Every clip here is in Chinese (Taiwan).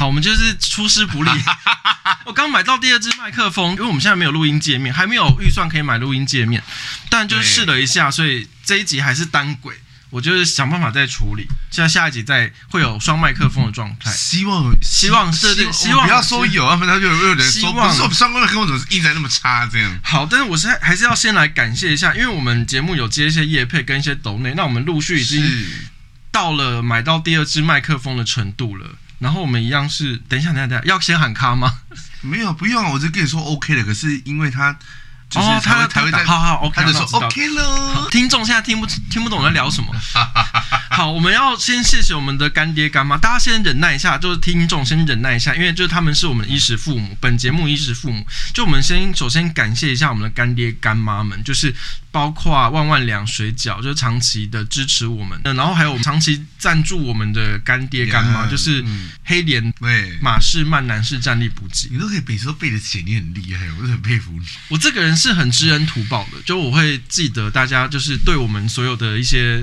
好，我們就是出師不利。 我剛買到第二支麥克風，因為我們現在沒有錄音界面，還沒有預算可以買錄音界面。但就試了一下，所以這一集還是單軌。我就是想辦法再處理，現在下一集再會有雙麥克風的狀態。希望希望設定，對對對希望不要說有啊，望反正就有點望。不是我們雙麥克風總是一直那麼差這樣。好，但是我是還是要先來感謝一下，因為我們節目有接一些業配跟一些斗內，那我們陸續已經到了買到第二支麥克風的程度了。然後我們一樣是，等一下，等一下，等一下，要先喊卡嗎？沒有，不用，我就跟你說 OK 的。可是因為他。就是他他會打。好好，OK，他就說 OK 嘍。聽眾現在聽不聽不懂在聊什麼？好，我們要先謝謝我們的乾爹乾媽，大家先忍耐一下，就是聽眾先忍耐一下，因為就是他們是我們衣食父母，本節目衣食父母。就我們先首先感謝一下我們的乾爹乾媽們，就是包括萬萬兩水餃，就是長期的支持我們，然後還有我們長期贊助我們的乾爹乾媽，就是黑蓮。對，馬士曼男士戰力補給，你都可以每次都背得起，你很厲害，我就很佩服你。我這個人。是很知恩圖報的，就我會記得大家就是對我們所有的一些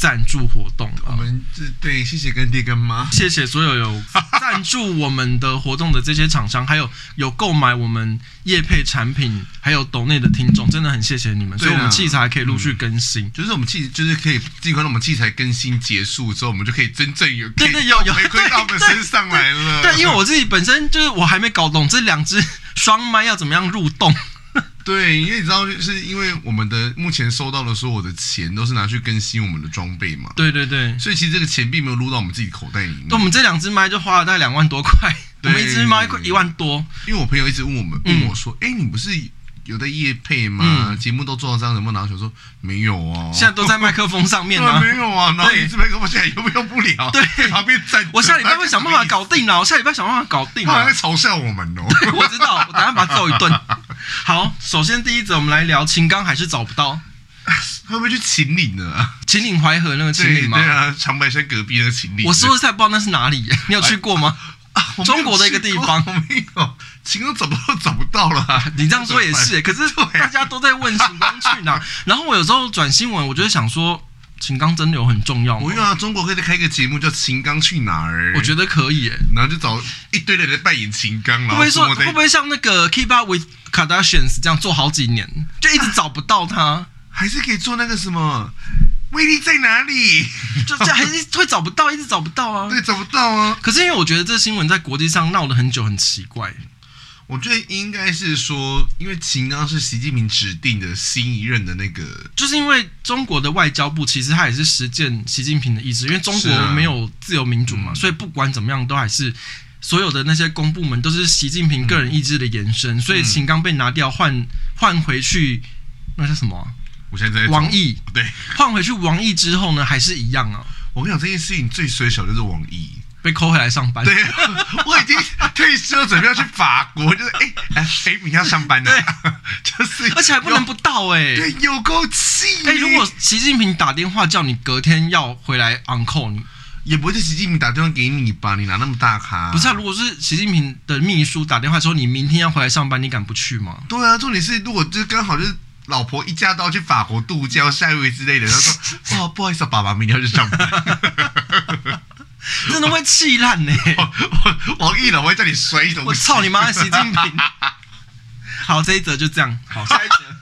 贊助活動，我們這對謝謝乾爹乾媽，謝謝所有有贊助我們的活動的這些廠商， 還有有購買我們業配產品還有斗內的聽眾，真的很謝謝你們，啊、所以我們器材可以陸續更新，嗯、就是我們器就是可以，儘快讓我們器材更新結束之後，我們就可以真正有真的有回饋對到我們身上來了對對。對，因為我自己本身就是我還沒搞懂這兩隻雙麥要怎麼樣入洞。對，因為你知道，就是因為我們的目前收到的所有的錢都是拿去更新我們的裝備嘛。對對對，所以其實這個錢並沒有入到我們自己口袋裡面。那我們這兩支麥就花了大概兩萬多塊，每支麥一塊一萬多對對對對。因為我朋友一直問我們，問我說：“哎、嗯，你不是有在業配嗎？嗯、節目都做到這樣，怎麼拿手說沒有啊？”現在都在麥克風上面呢， 沒有啊，拿一支麥克風現在用有用有不了。對， 旁邊在、啊，我下禮拜想辦法搞定了、啊，我下禮拜想辦法搞定。他還會嘲笑我們哦。 我知道，我等下把他揍一頓。好，首先第一則，我們來聊秦剛還是找不到，會不會去秦嶺呢、啊？秦嶺、淮河那個秦嶺嗎對？對啊，長白山隔壁那個秦嶺。我說的是不是在不知道那是哪裡？你有去過嗎？啊啊、過中國的一個地方，我沒有。秦剛怎麼都找不到,找不到了、啊？你這樣說也是、欸，可是大家都在問秦剛去哪。對啊、 然後我有時候轉新聞，我就想說。秦剛真的有很重要嗎？不用啊，中國可以再開一個節目叫《秦剛去哪兒》。我覺得可以、欸，然後就找一堆人來扮演秦剛了。會不會說會不會像那個《Keep Up with Kardashians》這樣做好幾年，就一直找不到他？啊、還是可以做那個什麼威力在哪裡？就這樣還是會找不到，一直找不到啊，對，找不到啊。可是因為我覺得這新聞在國際上鬧了很久，很奇怪。我覺得應該是說，因為秦剛是習近平指定的新一任的那個，就是因為中國的外交部其實他也是實踐習近平的意志，因為中國沒有自由民主嘛，啊嗯、所以不管怎麼樣都還是所有的那些公部門都是習近平個人意志的延伸，嗯、所以秦剛被拿掉換換回去，那叫什麼、啊？我現在在網易，王毅對，換回去王毅之後呢，還是一樣啊。我跟你講，這件事情最衰小就是王毅。被扣回來上班，對，我已經退休，準備要去法國， 就是哎，習明天要上班呢？對 就是有，而且還不能不到哎、欸，有夠氣、欸欸！如果習近平打電話叫你隔天要回來 uncle，你也不會是習近平打電話給你吧？你拿那麼大咖？不是、啊，如果是習近平的秘書打電話說你明天要回來上班，你敢不去嗎？對啊，重點是如果就剛好就是老婆一家都要去法國度假、曬位之類的，他說哇、 哦、不好意思、啊，爸爸明天要去上班。 真的會氣爛呢！我我我，伊朗我會在你衰種。我操你媽的，習近平。好，這一則就這樣。好，下一則。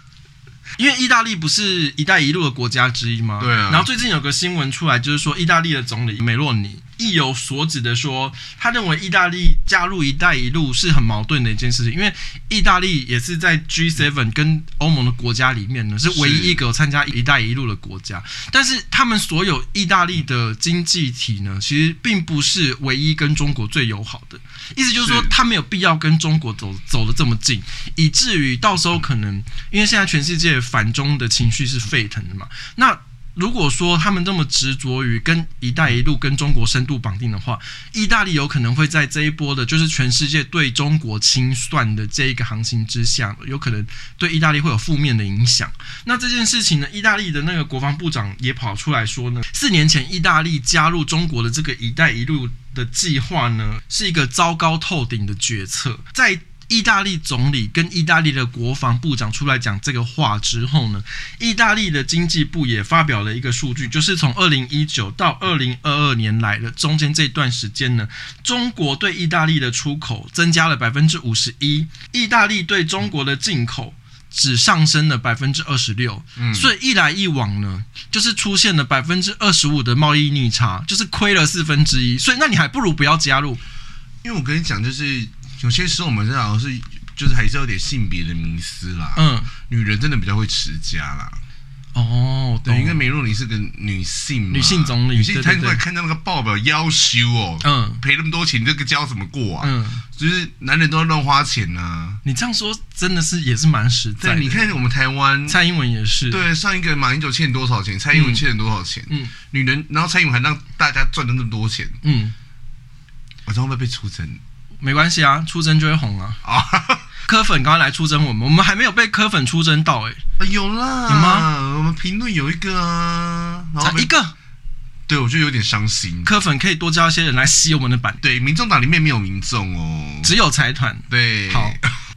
因為意大利不是“一帶一路”的國家之一嗎？對啊。然後最近有個新聞出來，就是說意大利的總理梅洛尼。意有所指的說，他認為意大利加入“一帶一路”是很矛盾的一件事情，因為意大利也是在 G7 跟歐盟的國家裡面呢，是唯一一個有參加“一帶一路”的國家。但是他們所有意大利的經濟體呢，其實並不是唯一跟中國最友好的。意思就是說，他沒有必要跟中國走走得這麼近，以至於到時候可能，因為現在全世界反中的情緒是沸騰的嘛，那。如果說他們這麼執着於跟“一帶一路”跟中國深度綁定的話，意大利有可能會在這一波的，就是全世界對中國清算的這一個行情之下，有可能對意大利會有負面的影響。那這件事情呢，意大利的那個國防部長也跑出來說呢，四年前意大利加入中國的這個“一帶一路”的計劃呢，是一個糟糕透頂的決策。在意大利總理跟意大利的國防部長出來講這個話之後呢，意大利的經濟部也發表了一個數據，就是從二零一九到二零二二年來的中間這段時間呢，中國對意大利的出口增加了百分之五十一，意大利對中國的進口只上升了百分之二十六，嗯、所以一來一往呢，就是出現了百分之二十五的貿易逆差，就是虧了四分之一，4, 所以那你還不如不要加入，因為我跟你講就是。有些時候我們這好像是就是還是有點性別的迷思啦。嗯，女人真的比較會持家啦。哦，對，因為梅洛尼是個女性，女性總理，女性，她會不會看到那個報表夭壽哦？嗯，賠那麼多錢，這個家怎麼過啊？嗯，就是男人都要亂花錢吶。你這樣說真的是也是蠻實在。你看我們台灣蔡英文也是，對，上一個馬英九欠多少錢？蔡英文欠多少錢？嗯，女人，然後蔡英文還讓大家賺了那麼多錢。嗯，我上會不會被出征？沒關係啊，出征就會紅啊！啊，柯粉剛剛來出征我們，我們還沒有被柯粉出征到哎，欸，啊，有啦，有嗎？我們評論有一個啊，才，啊，一個，對，我就有點傷心。柯粉可以多叫一些人來洗我們的版，對，民眾黨裡面沒有民眾哦，只有財團，對，好。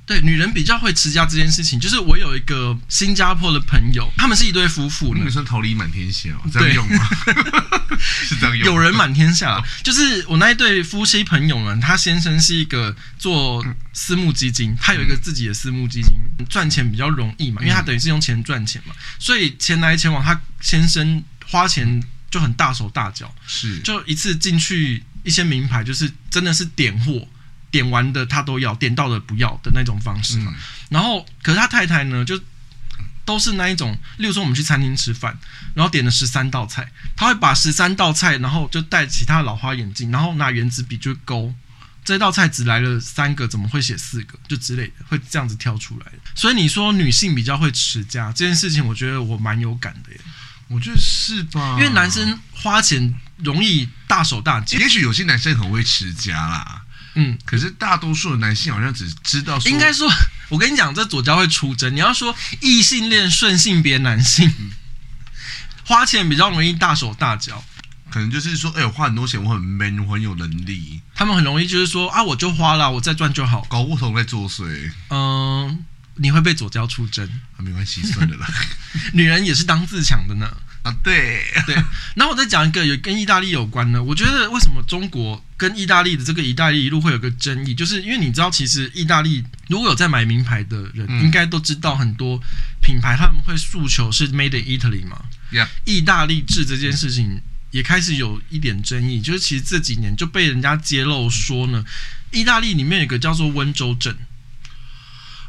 對，女人比較會持家這件事情，就是我有一個新加坡的朋友，他們是一對夫婦。女生桃李滿天下哦，這樣用嗎？對 是這樣用。有人滿天下，就是我那一對夫妻朋友呢、啊，他先生是一個做私募基金，他有一個自己的私募基金，嗯、賺錢比較容易嘛，因為他等於是用錢賺錢嘛，嗯、所以錢來錢往，他先生花錢就很大手大腳，是就一次進去一些名牌，就是真的是點貨。點完的他都要，點到的不要的那種方式嘛。嗯、然後，可是他太太呢，就都是那一種。例如說，我們去餐廳吃飯，然後點了十三道菜，他會把十三道菜，然後就戴其他老花眼鏡，然後拿原子筆去勾，這道菜只來了三個，怎麼會寫四個？就之類的，會這樣子挑出來。所以你說女性比較會持家這件事情，我覺得我蠻有感的耶。我覺得是吧？因為男生花錢容易大手大腳，也許有些男生很會持家啦。嗯，可是大多數的男性好像只知道說，應該說，我跟你講，這左膠會出征。你要說異性戀順性別男性花錢比較容易大手大腳，可能就是說，哎、欸，我花很多錢，我很 man，我很有能力。他們很容易就是說，啊，我就花了，我再賺就好。搞不懂在作祟。嗯、呃，你會被左膠出征、啊，沒關係，算了啦。 女人也是當自強的呢。啊，對對。那我再講一個有跟意大利有關呢。我覺得為什麼中國，跟意大利的這個意大利一路會有個爭議，就是因為你知道，其實意大利如果有在買名牌的人，應該都知道很多品牌他們會訴求是 made in Italy 嘛，意大利製這件事情也開始有一點爭議，就是其實這幾年就被人家揭露說呢，意大利裡面有個叫做溫州鎮。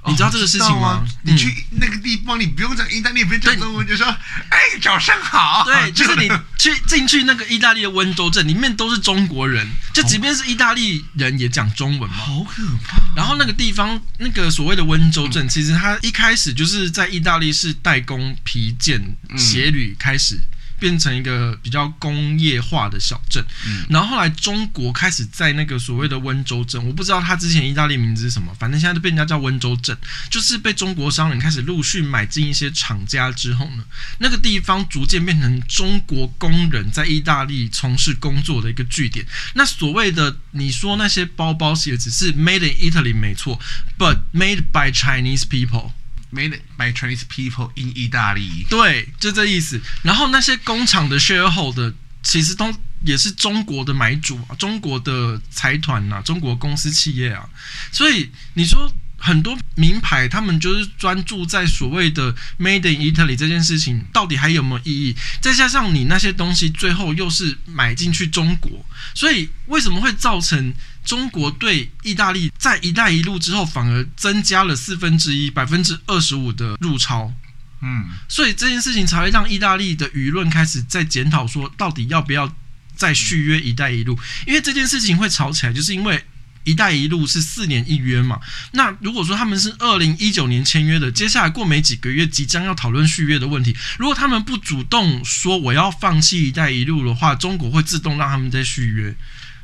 你知道這個事情嗎？哦啊、你去那個地方，嗯、你不用講意大利，不用講中文，對就說“哎、欸，早上好”。對，就是你去進 去那個意大利的溫州鎮，裡面都是中國人，就即便是意大利人也講中文嘛，好可怕、啊。然後那個地方，那個所謂的溫州鎮，嗯、其實它一開始就是在意大利是代工皮件鞋履開始。嗯變成一個比較工業化的小鎮，嗯、然後後來中國開始在那個所謂的溫州鎮，我不知道它之前意大利名字是什麼，反正現在都被人家叫溫州鎮，就是被中國商人開始陸續買進一些廠家之後呢，那個地方逐漸變成中國工人在意大利從事工作的一個據點。那所謂的你說那些包包鞋子是 made in Italy 沒錯，but made by Chinese people。Made by Chinese people in Italy，對，就這意思。然後那些工廠的 shareholder 其實都也是中國的買主啊，中國的財團吶，中國公司企業啊。所以你說很多名牌，他們就是專注在所謂的 “made in Italy” 這件事情，到底還有沒有意義？再加上你那些東西最後又是買進去中國，所以為什麼會造成？中國對意大利在“一帶一路”之後，反而增加了四分之一、百分之二十五的入超。嗯，所以這件事情才會讓意大利的輿論開始在檢討，說到底要不要再續約“一帶一路”。因為這件事情會吵起來，就是因為“一帶一路”是四年一約嘛。那如果說他們是二零一九年簽約的，接下來過沒幾個月，即將要討論續約的問題，如果他們不主動說我要放棄“一帶一路”的話，中國會自動讓他們再續約。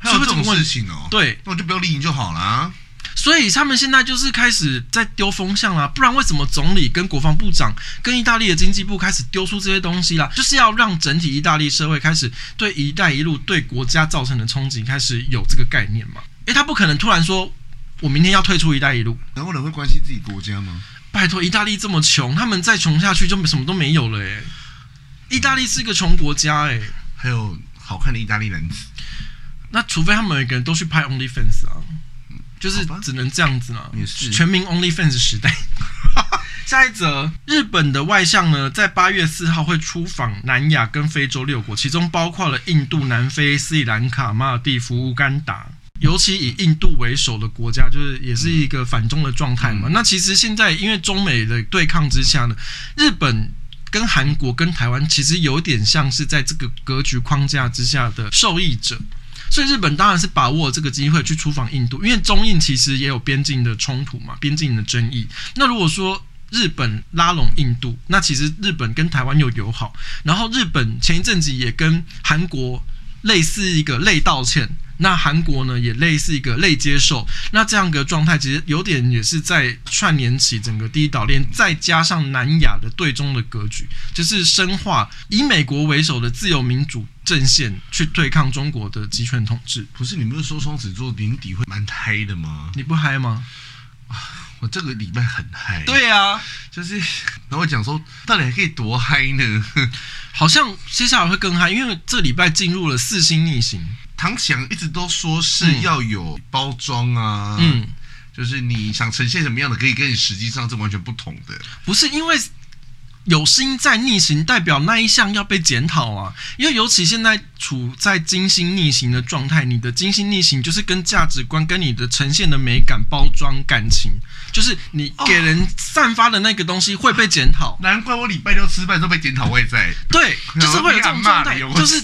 做這種事情哦，對，那我就不要利益就好了。所以他們現在就是開始在丟風向了、啊，不然為什麼總理跟國防部長跟意大利的經濟部開始丟出這些東西了、啊？就是要讓整體意大利社會開始對“一帶一路”對國家造成的衝擊開始有這個概念嘛？哎，他不可能突然說我明天要退出“一帶一路”。然後人會關心自己國家嗎？拜托，意大利這麼窮，他們再窮下去就什麼都沒有了。誒，意大利是一個窮國家。誒，還有好看的意大利人。那除非他們每個人都去拍 Only Fans 啊，就是只能這樣子了。也是全民 Only Fans 時代。 下一則，日本的外相呢，在八月四號會出訪南亞跟非洲六國，其中包括了印度、南非、斯里蘭卡、馬爾地夫、烏干達。尤其以印度為首的國家，就是也是一個反中的狀態嘛。嗯、那其實現在因為中美的對抗之下呢，日本跟韓國跟台灣其實有點像是在這個格局框架之下的受益者。所以日本當然是把握了這個機會去出訪印度，因為中印其實也有邊境的衝突嘛，邊境的爭議。那如果說日本拉攏印度，那其實日本跟台灣又友好，然後日本前一陣子也跟韓國類似一個類道歉，那韓國呢也類似一個類接受，那這樣的狀態其實有點也是在串聯起整個第一島鏈，再加上南亞的對中的格局，就是深化以美國為首的自由民主陣線去對抗中國的集權統治，不是？你沒有說雙子座年底會蠻嗨的嗎？你不嗨嗎？啊，我這個禮拜很嗨。對啊，就是然後我講說到底還可以多嗨呢， 好像接下來會更嗨，因為這禮拜進入了四星逆行。唐強一直都說是要有包裝啊，嗯，就是你想呈現什麼樣的，可以跟你實際上是完全不同的。不是因為。有星在逆行，代表那一項要被檢討啊！因為尤其現在處在金星逆行的狀態，你的金星逆行就是跟價值觀、跟你的呈現的美感、包裝感情，就是你給人散發的那個東西會被檢討、哦。難怪我禮拜六吃飯都被檢討，會在 對，就是會有這種狀態，就是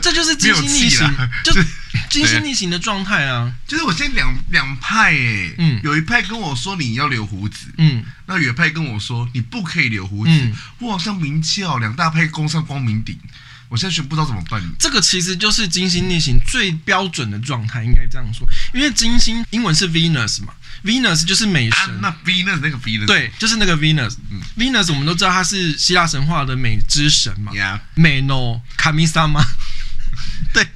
這就是金星逆行，就是。 金星逆行的狀態啊，就是我現在兩兩派哎，嗯，有一派跟我說，你要留鬍子，嗯，那有一派跟我說，你不可以留鬍子，哇，好像名氣哦，兩大派攻上光明頂，我現在選不知道怎麼辦。這個其實就是金星逆行最標準的狀態，應該這樣說，因為金星英文是 Venus 嘛，Venus 就是美神，那 Venus 那個 Venus 對，就是那個 Venus，Venus 我們都知道它是希臘神話的美之神嘛，美諾卡米桑嘛，對。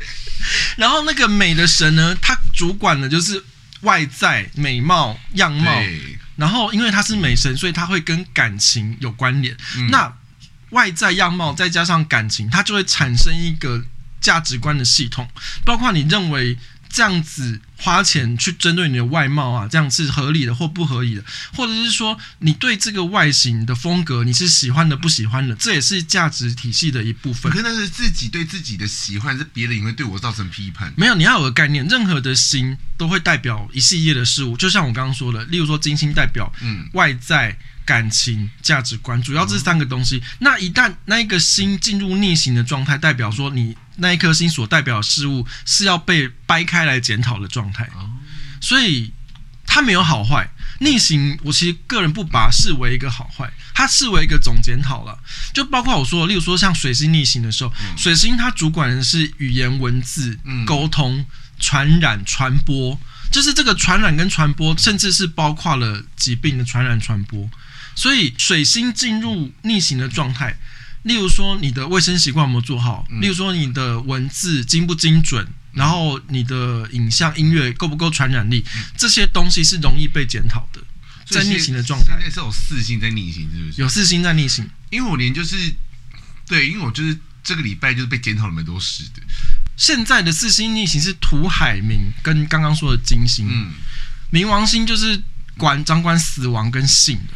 然後那個美的神呢，他主管的就是外在美貌樣貌。對然後因為他是美神，所以他會跟感情有關聯。嗯。那外在樣貌再加上感情，它就會產生一個價值觀的系統，包括你認為。這樣子花錢去針對你的外貌啊，這樣子是合理的或不合理的，或者是說你對這個外形的風格你是喜歡的不喜歡的，這也是價值體系的一部分。可是那是自己對自己的喜歡，是別人也會對我造成批判。沒有，你要有個概念，任何的星都會代表一系列的事物，就像我剛剛說的，例如說金星代表外在感情、價值觀，主要這三個東西。嗯，那一旦那一個星進入逆行的狀態，代表說你。那一顆星所代表的事物是要被掰開來檢討的狀態，所以它沒有好壞。逆行，我其實個人不把視為一個好壞，它視為一個總檢討了。就包括我說的，例如說像水星逆行的時候，水星它主管的是語言文字、溝通、傳染、傳播，就是這個傳染跟傳播，甚至是包括了疾病的傳染傳播。所以水星進入逆行的狀態。例如說，你的衛生習慣有沒有做好，嗯、例如說，你的文字精不精準，嗯、然後你的影像音樂夠不夠傳染力，嗯、這些東西是容易被檢討的。在，在逆行的狀態，現在是有四星在逆行，是不是？有四星在逆行，因為我連就是對，因為我就是這個禮拜就是被檢討了蠻多事的。現在的四星逆行是土海冥跟剛剛說的金星，嗯、冥王星就是管掌管死亡跟性的，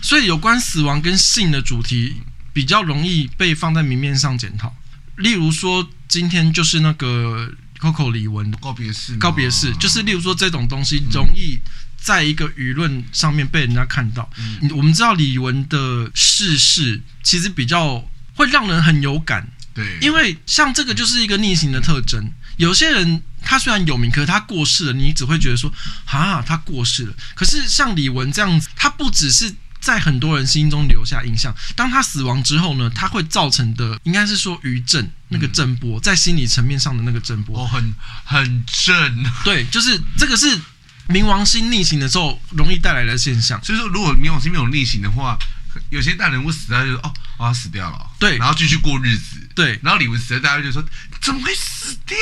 所以有關死亡跟性的主題。嗯比較容易被放在明面上檢討，例如說今天就是那個 Coco 李玟告別式，式，告別式就是例如說這種東西容易在一個輿論上面被人家看到。嗯，我們知道李玟的逝世事其實比較會讓人很有感，對，因為像這個就是一個逆行的特徵。嗯、有些人他雖然有名，可是他過世了，你只會覺得說哈、啊，他過世了。可是像李玟這樣子，他不只是。在很多人心中留下印象。當他死亡之後呢，他會造成的應該是說餘震，那個震波在心理層面上的那個震波哦，很很震。對，就是這個是冥王星逆行的時候容易帶來的現象。所以說，如果冥王星沒有逆行的話，有些大人物死在哦，我哦他死掉了，對，然後繼續過日子。對，然後李玟死，大家就說怎麼會死掉？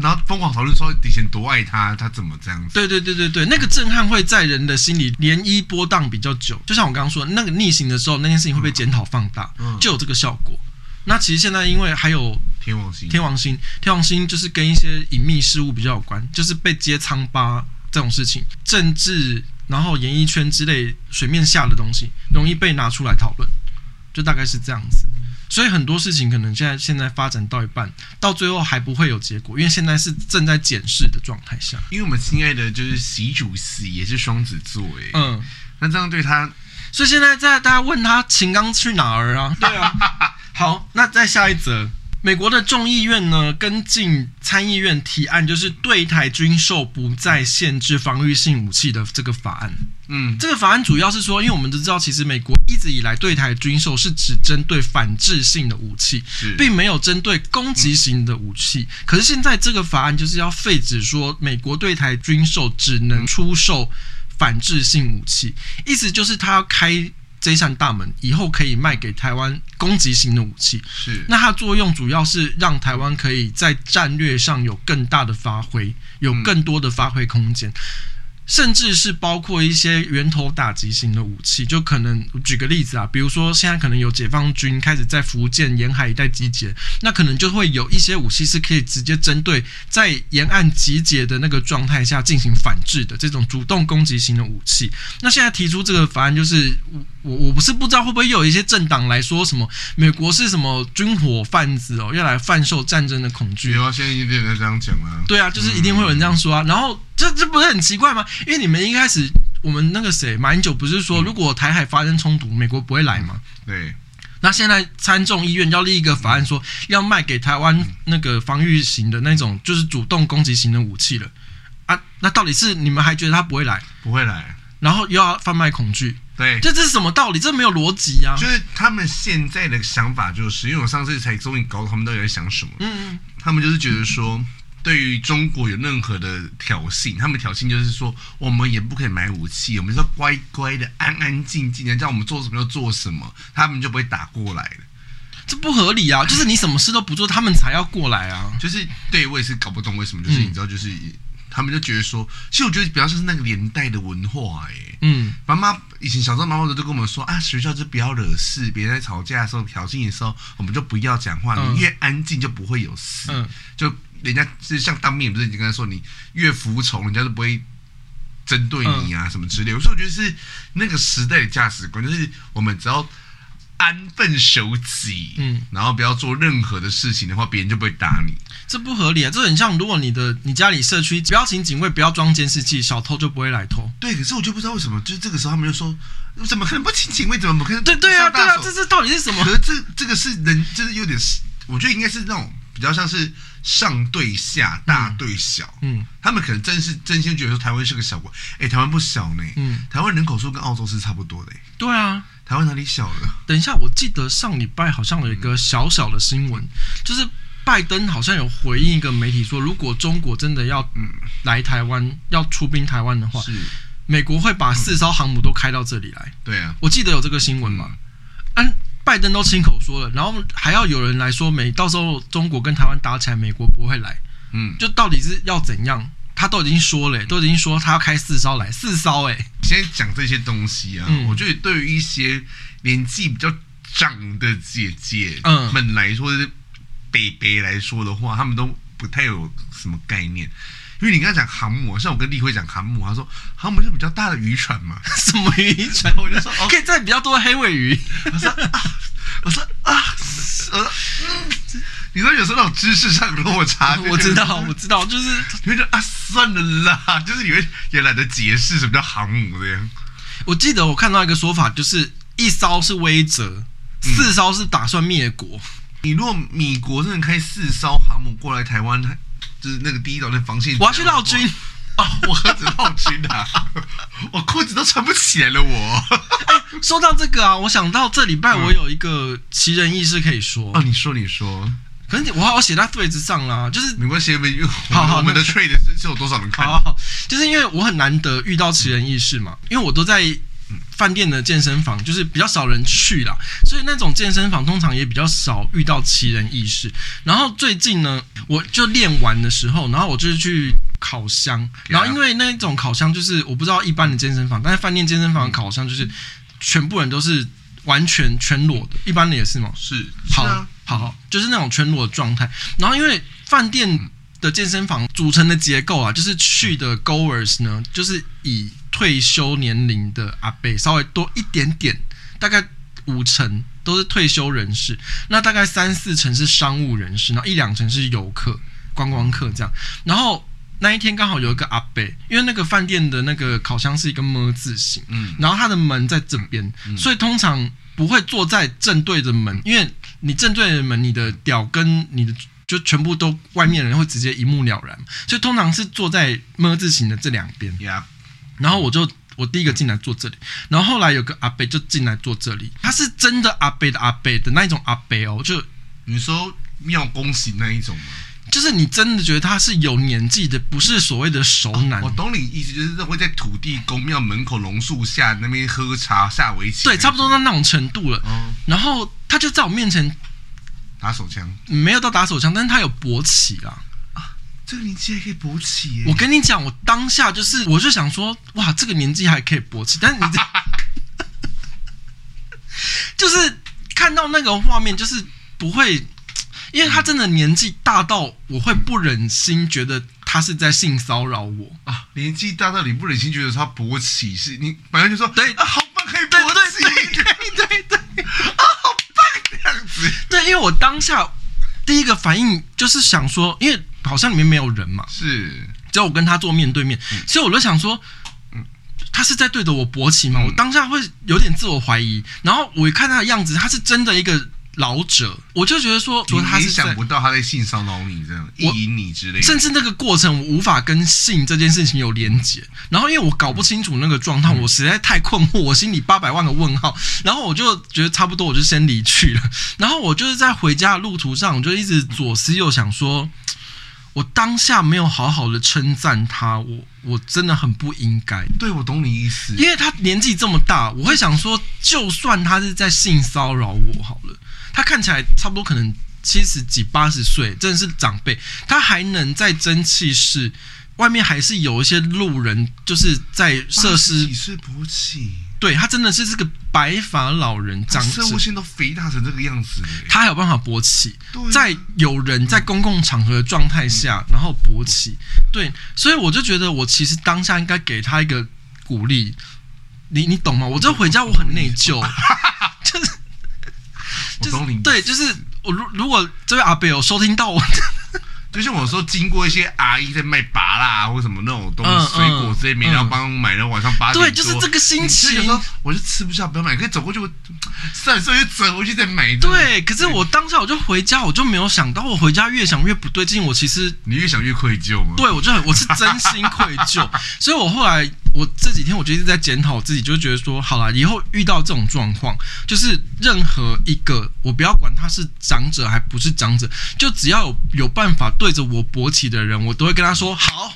然後瘋狂討論說以前多愛他，他怎麼這樣子？對對對對對，那個震撼會在人的心裡漣漪波盪比較久。就像我剛剛說的，那個逆行的時候，那件事情會被檢討放大，嗯、就有這個效果。那其實現在因為還有天王星，天王星，天王星就是跟一些隱祕事物比較有關，就是被揭瘡疤這種事情，政治，然後演藝圈之類水面下的東西，容易被拿出來討論，就大概是這樣子。所以很多事情可能現在現在發展到一半，到最後還不會有結果，因為現在是正在檢視的狀態下。因為我們親愛的就是習主席也是雙子座哎、欸，嗯，那這樣對他，所以現在在大家問他秦剛去哪兒啊？對啊， 好，那再下一則。美國的眾議院呢，跟進參議院提案，就是對台軍售不再限制防御性武器的這個法案。嗯，這個法案主要是說，因為我們都知道，其實美國一直以來對台軍售是只針對反制性的武器，是並沒有針對攻擊型的武器。嗯、可是現在這個法案就是要廢止說，說美國對台軍售只能出售反制性武器，嗯、意思就是他要開。這一扇大門，以後可以賣給台灣攻擊型的武器，是那它的作用主要是讓台灣可以在戰略上有更大的發揮，有更多的發揮空間，嗯、甚至是包括一些源頭打擊型的武器。就可能舉個例子啊，比如說現在可能有解放軍開始在福建沿海一帶集結，那可能就會有一些武器是可以直接針對在沿岸集結的那個狀態下進行反制的這種主動攻擊型的武器。那現在提出這個法案就是。嗯我我不是不知道會不會有一些政黨來說什麼美國是什麼軍火販子哦，要來販售戰爭的恐懼。你要現在一定得這樣講啊？對啊，就是一定會有人這樣說啊。然後這這不是很奇怪嗎？因為你們一開始我們那個誰馬英九不是說如果台海發生衝突，美國不會來嗎？對。那現在參眾議院要立一個法案說要賣給台灣那個防禦型的那種就是主動攻擊型的武器了啊？那到底是你們還覺得他不會來？不會來。然後又要販賣恐懼，對，這這是什麼道理？這沒有邏輯啊。就是他們現在的想法，就是因為我上次才終於搞懂他們到底在想什麼？嗯嗯，他們就是覺得說，嗯、對於中國有任何的挑釁，他們挑釁就是說，我們也不可以買武器，我們就要乖乖的安安靜靜，的。叫我們做什麼就做什麼，他們就不會打過來。這不合理啊！就是你什麼事都不做， 他們才要過來啊！就是對我也是搞不懂為什麼，就是你知道，就是。嗯他們就覺得說，其實我覺得比較像是那個年代的文化、欸，哎，嗯，媽媽以前小時候，媽媽都就跟我們說啊，學校就不要惹事，別人在吵架的時候、挑釁的時候，我們就不要講話，嗯、你越安靜就不會有事。嗯、就人家是像當面不是已經跟他說，你越服從，人家就不會針對你啊、嗯、什麼之類的。所以我覺得是那個時代的價值觀，就是我們只要安分守己，嗯，然後不要做任何的事情的話，別人就不會打你。這不合理啊！這很像，如果你的你家裡社區不要請警衛，不要裝監視器，小偷就不會來偷。對，可是我就不知道為什麼，就是這個時候他們又說，怎麼可能不請警衛？怎麼可能？對對啊，對啊，這這到底是什麼？可是這這個是人，就是有點，我覺得應該是那種比較像是上對下，大對小。嗯，嗯，他們可能真是真心覺得說台灣是個小國。哎，台灣不小呢。嗯，台灣人口數跟澳洲是差不多的。對啊，台灣哪裡小了？等一下，我記得上禮拜好像有一個小小的新聞，就是。拜登好像有回應一個媒體說，如果中國真的要來台灣，嗯、要出兵台灣的話，是美國會把四艘航母都開到這裡來。對啊，我記得有這個新聞嘛。嗯、啊，拜登都親口說了，然後還要有人來說美，到時候中國跟台灣打起來，美國不會來。嗯，就到底是要怎樣？他都已經說了，都已經說他要開四艘來，四艘哎、欸。現在講這些東西啊，嗯、我覺得對於一些年紀比較長的姐姐、嗯、們來說北北來說的話，他們都不太有什麼概念，因為你剛剛講航母，像我跟立輝講航母，他說航母是比較大的漁船嘛？ 什麼漁船、啊？我就說、 哦，可以在比較多的黑鮪魚。他說啊。我說啊，我說，啊我說嗯、 你說有這種知識上落差？ 我知道，我知道，就是有為 啊，算了啦，就是因為也懶得解釋什麼叫航母這樣。我記得我看到一個說法，就是一艘是威懾，嗯、四艘是打算滅國。你若米國真的開四艘航母過來台灣，就是那個第一島鏈防線，我要去勞軍。哦、 啊！我何止勞軍了，我褲子都穿不起來了我。我、哎、說到這個啊，我想到這禮拜我有一個奇人異事可以說啊、嗯哦，你說你說，可是我我寫在對子上啦，啊，就是沒關係，沒有好，我們的 Trade，er、是有多少人看好好，就是因為我很難得遇到奇人異事嘛，嗯、因為我都在。飯店的健身房就是比較少人去啦，所以那種健身房通常也比較少遇到奇人異事。然後最近呢，我就練完的時候，然後我就去烤箱，然後因為那種烤箱就是我不知道一般的健身房，但是飯店健身房的烤箱就是全部人都是完全全裸的，一般的也是嗎？是，好，好，就是那種全裸的狀態。然後因為飯店。的健身房組成的結構啊，就是去的 goers 呢，就是以退休年齡的阿伯稍微多一點點，大概五成都是退休人士，那大概三四成是商務人士，然後一兩成是遊客、觀光客這樣。然後那一天剛好有一個阿伯，因為那個飯店的那個烤箱是一個 ㄇ 字形，嗯，然後它的門在這邊，嗯、所以通常不會坐在正對着門，因為你正對着門，你的屌跟你的。就全部都外面人會直接一目了然，所以通常是坐在“麼”字形的這兩邊。然後我就我第一個進來坐這裡，然後後來有個阿伯就進來坐這裡，他是真的阿伯的阿伯的那一種阿伯哦，就你說廟公型那一種嗎？就是你真的覺得他是有年紀的，不是所謂的熟男。我懂你意思，就是會在土地公廟門口榕樹下那邊喝茶下圍棋。對，差不多到那種程度了。然後他就在我面前。打手槍沒有到打手槍，但是他有勃起啊！這個年紀還可以勃起？我跟你講，我當下就是，我就想說，哇，這個年紀還可以勃起？但是你這， 就是看到那個畫面，就是不會，因為他真的年紀大到，我會不忍心覺得他是在性騷擾我啊！年紀大到你不忍心覺得他勃起是你，本來就說。對啊，好。對，因為我當下第一個反應就是想說，因為好像裡面沒有人嘛，是只有我跟他坐面對面，嗯、所以我就想說，嗯，他是在對着我勃起嗎？嗯、我當下會有點自我懷疑，然後我一看他的樣子，他是真的一個老者，我就覺得說，覺得他是想不到他在性騷擾你這樣，吸引我你之類的，甚至那個過程我無法跟性這件事情有連結，然後，因為我搞不清楚那個狀態，嗯、我實在太困惑，我心裡八百萬個問號。然後我就覺得差不多，我就先離去了。然後我就是在回家的路途上，我就一直左思右想說。我當下沒有好好的稱讚他，我我真的很不應該。對，我懂你意思，因為他年紀這麼大，我會想說，就算他是在性騷擾我好了，他看起來差不多可能七十幾、八十歲，真的是長輩，他還能在蒸汽室，外面還是有一些路人，就是在設施。對，他真的是這個白髮老人長、長、啊，他現心都肥大成這個樣子，欸，他還有辦法勃起，對在有人在公共場合的狀態下，嗯嗯、然後勃起，嗯、對，所以我就覺得我其實當下應該給他一個鼓勵，你你懂嗎？我這回家我很內疚， 就是就是對，就是我如如果這位阿伯有收聽到我。 就像我說，經過一些阿姨在賣拔辣或什麼那種東西、嗯嗯、水果之類沒，嗯、然後幫我買了。晚上八點多，對，就是這個星期。所以我說我就吃不下，不要買，可以走過去，我，三十歲折回去再買、這個。對，對可是我當下我就回家，我就沒有想到，我回家越想越不對勁。我其實你越想越愧疚嗎？對，我就很，我是真心愧疚， 所以我後來。我這幾天我就一直在檢討我自己，就覺得說，好了，以後遇到這種狀況，就是任何一個我不要管他是長者還不是長者，就只要有有辦法對着我勃起的人，我都會跟他說，好，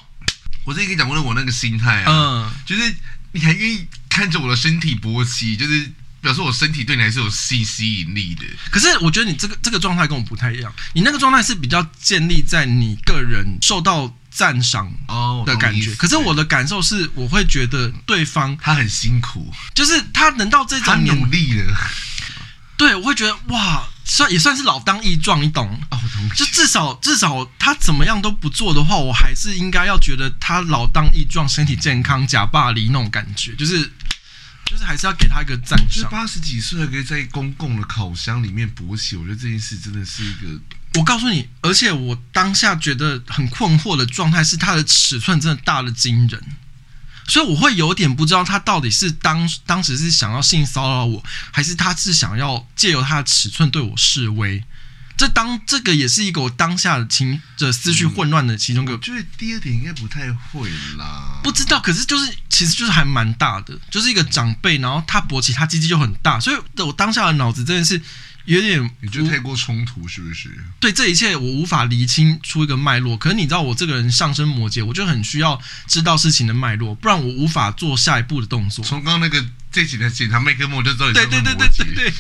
我這裡跟你講過了，我那個心態啊，嗯，就是你還願意看着我的身體勃起，就是表示我身體對你還是有吸吸引力的。可是我覺得你這個這個狀態跟我不太一樣，你那個狀態是比較建立在你個人受到。讚賞哦的感覺，可是我的感受是，我會覺得對方他很辛苦，就是他能到這種，很努力了。對我會覺得哇，算也算是老當益壯，你懂？哦，就至少至少他怎麼樣都不做的話，我還是應該要覺得他老當益壯，身體健康，假霸凌那種感覺，就是就是還是要給他一個讚賞。八十幾歲可以在公共的口腔裡面補起，我覺得這件事真的是一個。我告訴你，而且我當下覺得很困惑的狀態是，他的尺寸真的大得驚人，所以我會有點不知道他到底是當當時是想要性騷擾我，還是他是想要借由他的尺寸對我示威。這當這個也是一個我當下的情的思緒混亂的其中一個。就是、嗯、我覺得第二點應該不太會啦，不知道，可是就是其實就是還蠻大的，就是一個長輩，然後他勃起他雞雞就很大，所以我當下的腦子真的是。有點，你就太過衝突，是不是？對這一切，我無法釐清出一個脈絡。可是你知道，我這個人上升摩羯，我就很需要知道事情的脈絡，不然我無法做下一步的動作。從剛那個這幾天，警察麥克我就知道，對，對對對對對對。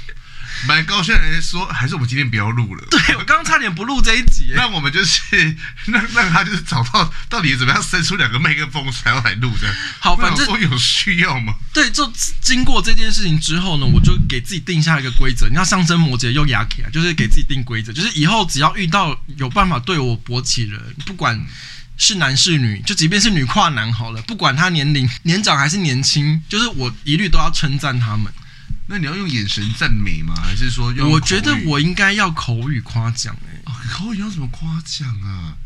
蠻高興的說，還是我們今天不要錄了。對，我剛剛差點不錄這一集。 那我們就是，那讓他就是找到到底怎麼樣生出兩個麥克風才要來錄的。好，反正我有需要嘛。對，就經過這件事情之後呢，我就給自己定下一個規則：你要上升摩羯又雅克，就是給自己定規則，就是以後只要遇到有辦法對我勃起的人，不管是男是女，就即便是女跨男好了，不管他年齡年長還是年輕，就是我一律都要稱讚他們。那你要用眼神讚美嗎？還是說要用，我覺得我應該要口語誇獎哎。啊，口語要怎麼誇獎啊？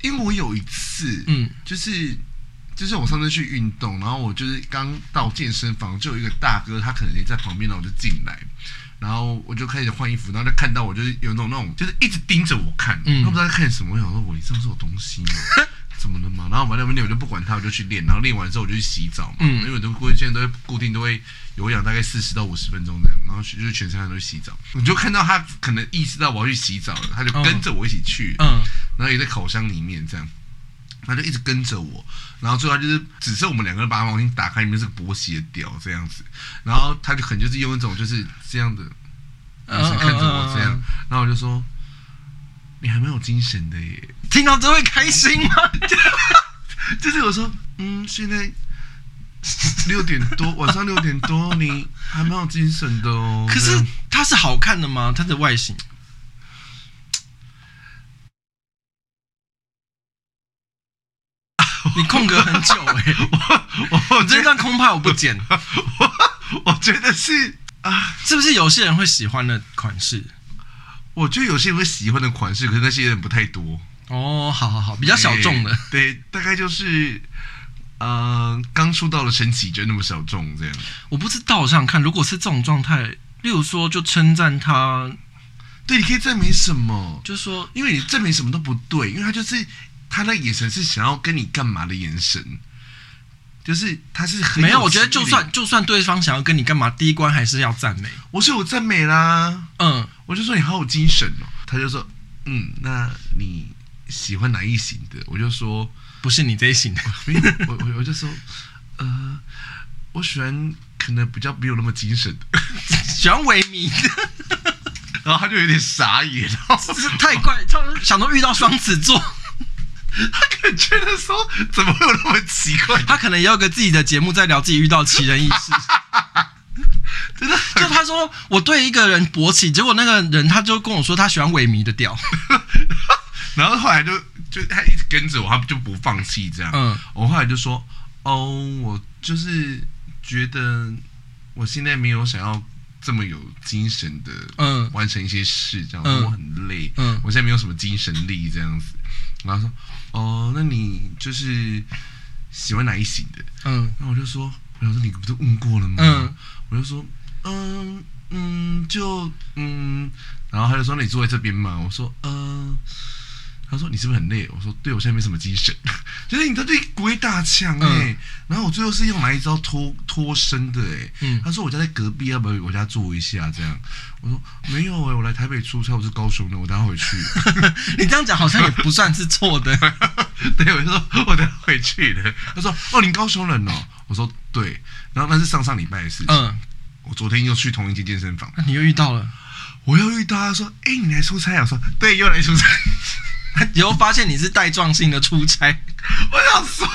因為我有一次，嗯，就是就是我上次去運動，然後我就是剛到健身房，就有一個大哥，他可能也在旁邊，然後我就進來，然後我就開始換衣服，然後他看到我就是有那種那種，就是一直盯着我看，嗯，都不知道在看什麼。我想說我身上是有東西嗎？ 什麼的嘛，然後我在那邊練，我就不管他，我就去練。然後練完之後，我就去洗澡嘛。嗯，因為我的固定都會固定都會有氧，大概四十到五十分鐘這樣。然後就全身上都洗澡，我就看到他可能意識到我要去洗澡了，他就跟着我一起去。哦、嗯，然後也在烤箱裡面這樣，他就一直跟着我。然後最後他就是只剩我們兩個人，把他毛巾打開，裡面是個薄鞋屌這樣子。然後他就可能就是用一種就是這樣的，眼神看着我這樣。哦哦哦哦然後我就說。你還沒有精神的耶！聽到這會開心嗎？ 就是我說，嗯，現在六點多，晚上六點多，你還蠻有精神的哦。可是它是好看的嗎？它的外形、啊？你空格很久哎、欸！我我這段空拍我不剪，我覺得是啊，是不是有些人會喜歡的款式？我覺得有些人會喜歡的款式，可是那些人不太多哦。好好好，比較小眾的，欸，對，大概就是，嗯、呃，剛出道的陳綺貞那麼小眾這樣。我不知道，我想，想看，如果是這種狀態，例如說就稱讚他，對，你可以證明什麼？就是說，因為你證明什麼都不對，因為他就是他的眼神是想要跟你幹嘛的眼神。就是他是很有沒有，我覺得就算就算對方想要跟你幹嘛，第一關還是要讚美。我是有讚美啦，嗯，我就說你好有精神哦。他就說，嗯，那你喜歡哪一型的？我就說不是你這一型的，我我我就說，呃，我喜歡可能比較沒有那麼精神的，喜歡萎靡的。 然後他就有點傻眼了，太怪，他就想到遇到雙子座。他可能覺得說，怎麼會有那麼奇怪？他可能也有個自己的節目在聊自己遇到奇人異事，真的很。就他說，我對一個人勃起，結果那個人他就跟我說，他喜歡萎靡的調。 然後後來就就他一直跟着我，他就不放棄這樣。嗯、我後來就說，哦，我就是覺得我現在沒有想要這麼有精神的，嗯，完成一些事這樣。嗯、我很累。嗯。我現在沒有什麼精神力這樣子。然後說，哦，那你就是喜歡哪一型的？嗯，然後我就說，我說你不是問過了嗎？嗯，我就說，嗯嗯，就嗯，然後他就說，那你坐在這邊嘛。我說，嗯。他說：“你是不是很累？”我說：“對，我現在沒什麼精神。 ”就是你在對鬼打牆哎。嗯、然後我最後是用來一招脫脫身的哎、欸？嗯、他說：“我家在隔壁，要不要我家住一下這樣？”我說：“沒有哎、欸，我來台北出差，我是高雄的，我等下回去。” 你這樣講好像也不算是錯的。 對，我說我等下回去了。他說：“哦，你高雄人哦。”我說：“對。”然後那是上上禮拜的事情。嗯、我昨天又去同一間健身房，那你又遇到了？我又遇到、啊、他說：“哎、欸，你來出差啊？”我說：“對，又來出差。”以後發現你是帶狀性的出差， 我想說，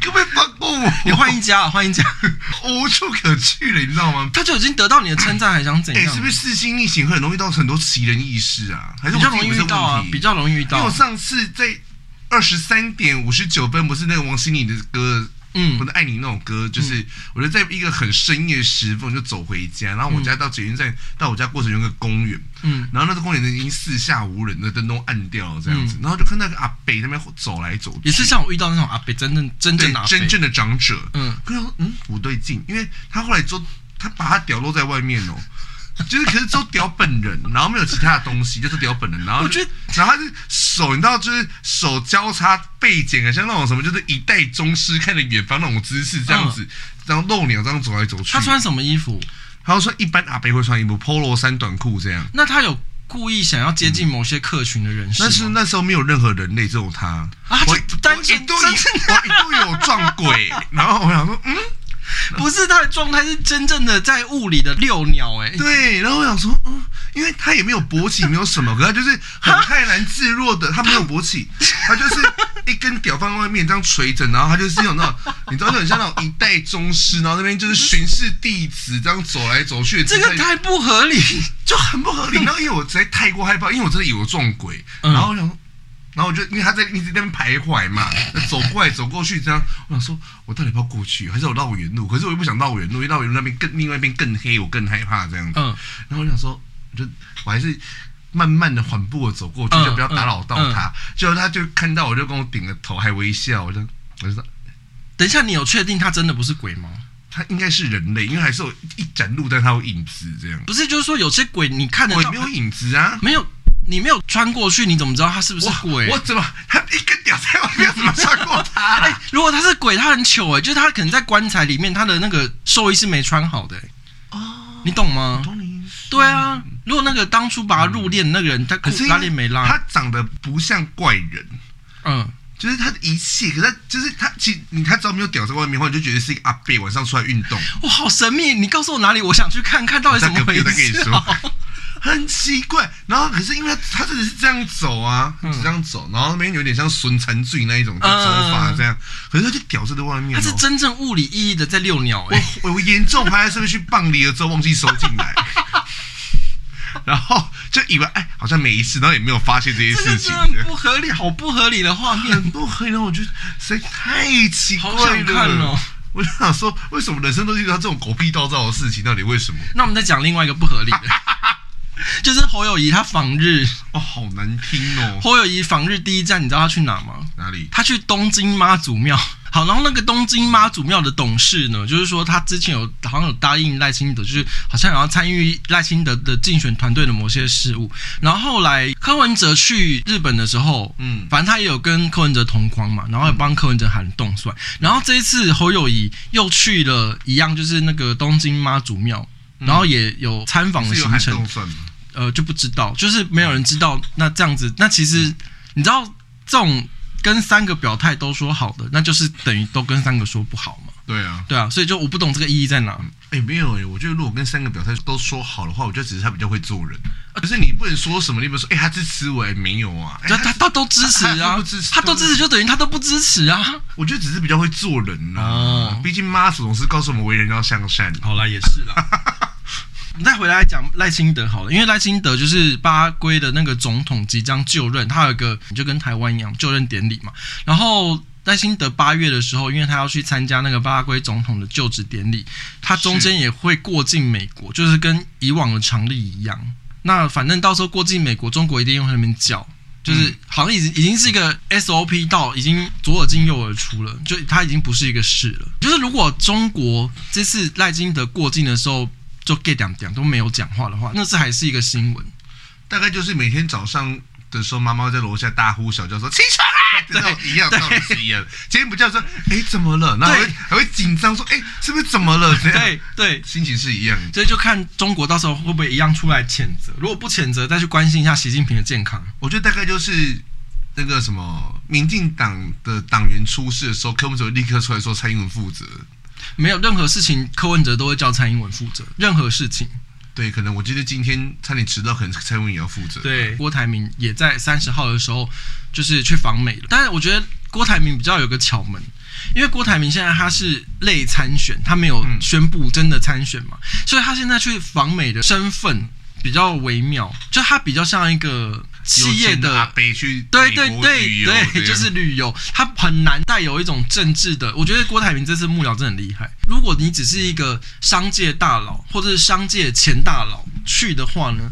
可不可以放過我？你換一家，換一家， 無處可去了，你知道嗎？他就已經得到你的稱讚， 還想怎樣？你、欸、是不是四星逆行會很容易到很多奇人異事啊？還是，是比較容易遇到啊？比較容易遇到。因為我上次在二十三點五十九分，不是那個王心凌的歌。嗯，我的愛你那種歌，就是我就在一個很深夜時分就走回家，然後我家到捷運站，嗯，到我家過程有個公園，嗯，然後那個公園已經四下無人，那燈都暗掉了這樣子，嗯，然後就看那個阿伯那邊走來走去，也是像我遇到那種阿伯，真正真正的阿真正的長者，嗯，可是嗯不對勁，因為他後來就他把他屌落在外面哦。就是，可是都屌本人，然後沒有其他的東西，就是屌本人，然後我覺得，然後他就手，你知道，就是手交叉背肩啊，像那種什麼，就是一代宗師看着遠方那種姿勢這樣子，嗯、然後露鳥這樣走來走去。他穿什麼衣服？他說一般阿伯會穿衣服，polo 衫、polo 衫短褲這樣。那他有故意想要接近某些客群的人？但是、嗯、那，那時候沒有任何人類這種，只有他啊，他就單純我一，我一對的我一都有撞鬼， 然後我想說，嗯。不是他的狀態，是真正的在物理的遛鳥哎、欸。對，然後我想說，嗯，因為他也沒有勃起，沒有什麼，可他就是很泰然自若的。哈他沒有勃起，他就是一根屌放在外面這樣垂着，然後他就是那種那種，你知道，就很像那種一代宗師，然後那邊就是巡視弟子這樣走來走去。這個太不合理，就很不合理。然後因為我實在太過害怕，因為我真的以為我撞鬼，嗯、然後我想說。然後我就因為他在一直在那邊徘徊嘛，走過來走過去這樣，我想說，我到底要不要過去，還是我繞遠路？可是我又不想繞遠路，因為繞遠路那邊更另外一邊更黑，我更害怕這樣子。嗯、然後我想說，我就我還是慢慢的緩步的走過去，就不要打擾到他。就、嗯嗯嗯、他就看到我就跟我頂了頭，還微笑。我就我就說，等一下，你有確定他真的不是鬼嗎？他應該是人類，因為還是有一盞路，但他有影子這樣。不是，就是說有些鬼你看得到，我沒有影子啊，沒有。你沒有穿過去，你怎麼知道他是不是鬼？我怎麼他一根屌在外面，怎麼穿過他、 欸？如果他是鬼，他很糗哎，就是他可能在棺材裡面，他的那個壽衣是沒穿好的哦，你懂嗎？懂，你對啊，如果那個當初把他入殮那個人，嗯、他可是拉鏈沒拉，他長得不像怪人，嗯，就是他的一切。可是就是他，其實你他只要沒有屌在外面，的話你就覺得是一個阿伯晚上出來運動。我、哦、好神秘，你告訴我哪裡，我想去看看到底怎麼回事很奇怪，然後可是因為他他真的是這樣走啊，嗯、這樣走，然後那邊有點像損殘罪那一種走法這樣，呃、可是他就屌在個外面。他是真正物理意義的在遛鳥哎、欸！我我嚴重懷疑是不是去棒離了之後忘記收進來， 然後就以為哎好像每一次然後也沒有發現這些事情，這不合理，樣好不合理的畫面，不合理，我覺得所以太奇怪了，好想看了哦！我就想,想說，為什麼人生都遇到這種狗屁倒灶的事情，到底為什麼？那我們再講另外一個不合理的。 就是侯友宜他訪日哦，好難聽哦。侯友宜訪日第一站，你知道他去哪嗎？哪裡？他去東京媽祖廟。好，然後那個東京媽祖廟的董事呢，就是說他之前有好像有答應賴清德，就是好像也要參與賴清德的競選團隊的某些事務。然後後來柯文哲去日本的時候，嗯，反正他也有跟柯文哲同框嘛，然後也幫柯文哲喊凍蒜。嗯、然後這一次侯友宜又去了一樣，就是那個東京媽祖廟，然後也有參訪的行程。嗯呃，就不知道，就是沒有人知道。嗯、那這樣子，那其實、嗯、你知道，這種跟三個表態都說好的，那就是等於都跟三個說不好嘛。對啊，對啊。所以就我不懂這個意義在哪兒。哎、欸，沒有、欸，我覺得如果跟三個表態都說好的話，我覺得只是他比較會做人。呃、可是你不能說什麼，你不能說哎、欸、他支持我，沒有啊，他他都支持啊，他都支持就等於他都不支持啊。我覺得只是比較會做人吶、啊，嗯、畢竟媽祖總是告訴我們為人要向善。好了，也是啦。 再回來講賴清德好了，因為賴清德就是巴拉圭的那個總統即將就任，他有一個就跟台灣一樣就任典禮嘛。然後賴清德八月的時候，因為他要去參加那個巴拉圭總統的就職典禮，他中間也會過境美國，是就是跟以往的常例一樣。那反正到時候過境美國，中國一定會在那邊叫，就是、嗯、好像已經已經是一個 SOP 到已經左耳進右耳出了，就他已經不是一個事了。就是如果中國這次賴清德過境的時候。就給講講都沒有講話的話，那這還是一個新聞。大概就是每天早上的時候，媽媽在樓下大呼小叫說：“起床啊！”對，一樣，道理對是一樣的 今天不叫說：“哎、欸，怎麼了？”然後還會緊張對說：“哎、欸，是不是怎麼了？”對對，對心情是一樣，所以就看中國到時候會不會一樣出來譴責。如果不譴責，再去關心一下習近平的健康。我覺得大概就是那個什麼民進黨的黨員出事的時候，柯文哲立刻出來說蔡英文負責。沒有任何事情，柯文哲都會叫蔡英文負責任何事情。對，可能我記得今天差點遲到，可能蔡英文也要負責。對，郭台銘也在三十號的時候就是去訪美了。但是我覺得郭台銘比較有個巧門，因為郭台銘現在他是類參選，他沒有宣布真的參選嘛，嗯、所以他現在去訪美的身份比較微妙，就他比較像一個。企業的對對對對，對啊、就是旅遊，它很難帶有一種政治的。我覺得郭台銘這次幕僚真的很厲害。如果你只是一個商界大佬，或者是商界前大佬去的話呢，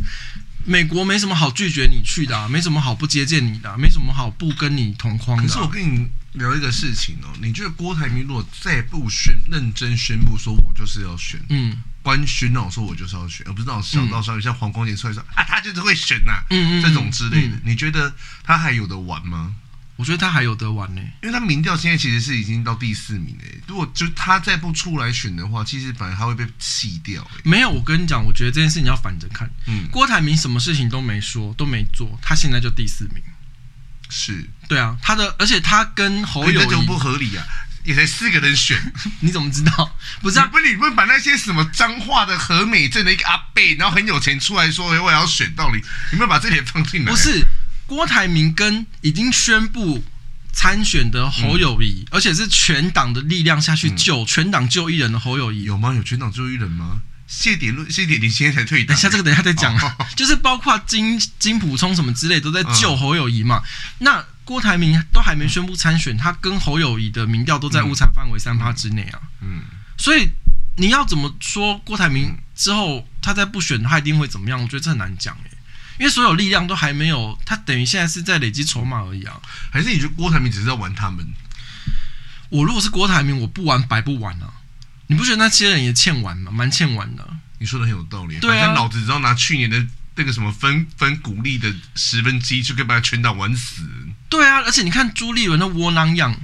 美國沒什麼好拒絕你去的、啊，沒什麼好不接見你的、啊，沒什麼好不跟你同框的、啊。可是我跟你聊一個事情哦，你覺得郭台銘如果再不宣認真宣布，說我就是要選，嗯。官宣哦，說我就是要選，而不是那種想到時候。嗯、像黃光年出來說啊，他就是會選吶、啊，嗯嗯這種之類的。嗯、你覺得他還有得玩嗎？我覺得他還有得玩呢、欸，因為他民調現在其實是已經到第四名了、欸。如果就他再不出來選的話，其實反而他會被棄掉、欸。沒有，我跟你講，我覺得這件事情要反着看。嗯，郭台銘什麼事情都沒說，都沒做，他現在就第四名。是，對啊，他的，而且他跟侯友宜就不合理啊。也才四個人選。 你怎麼知道？不是啊，不是你有把那些什麼彰化的和美鎮的一個阿伯，然後很有錢出來說我也要選，到你你沒把這點放進來？不是郭台銘跟已經宣佈參選的侯友宜，嗯、而且是全黨的力量下去救、嗯、全黨救一人，的侯友宜有嗎？有全黨救一人嗎？謝點論謝點林現在才退，等一下這個等一下再講、啊，哦哦哦就是包括金金溥聰什麼之類都在救侯友宜嘛？嗯、那。郭台銘都還沒宣布參選，嗯、他跟侯友宜的民調都在誤差範圍三趴之內啊嗯。嗯，嗯所以你要怎麼說郭台銘之後他再不選，他一定會怎麼樣？我覺得這很難講，因為所有力量都還沒有，他等於現在是在累積籌碼而已啊。還是你覺得郭台銘只是在玩他們？我如果是郭台銘，我不玩白不玩啊！你不覺得那些人也欠玩嗎？蠻欠玩的。你說的很有道理，對他、啊、腦子只知道拿去年的那個什麼分分股利的十分之一，就可以把全黨玩死。對啊，而且你看朱立倫那窩囊樣，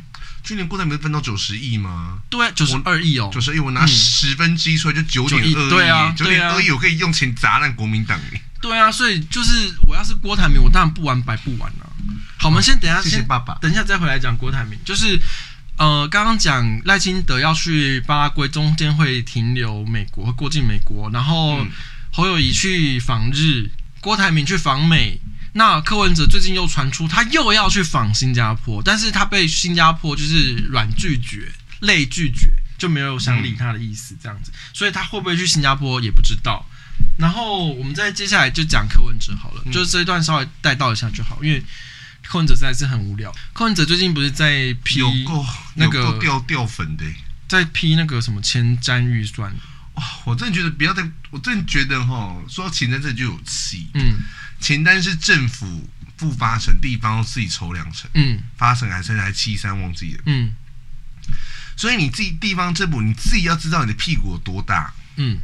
去年郭台銘分到九十億嗎？對、啊，九十二億哦，九十二億，我拿十分之一出來就九點二億，九、嗯啊啊、點二億，我可以用錢砸爛國民黨。對啊，所以就是我要是郭台銘，我當然不玩白不玩了、啊。好，我們好先等一下，謝謝爸爸，等一下再回來講郭台銘。就是呃，剛剛講賴清德要去巴拉圭，中間會停留美國，會過境美國，然後、嗯、侯友宜去訪日，郭台銘去訪美。那柯文哲最近又傳出他又要去訪新加坡，但是他被新加坡就是軟拒絕、累拒絕，就沒有想理他的意思，這樣子，嗯、所以他會不會去新加坡也不知道。然後我們再接下來就講柯文哲好了，嗯、就是這一段稍微帶到一下就好，因為柯文哲實在是很無聊。柯文哲最近不是在批、那個，有夠那個掉掉粉的，在批那個什麼前瞻預算、哦，我真的覺得不要再，我真的覺得齁，說到前瞻這裡就有氣嗯。前單是政府付八成，地方自己籌兩成。嗯，八成還是還七三忘記了。嗯，所以你自己地方政府，你自己要知道你的屁股有多大。嗯，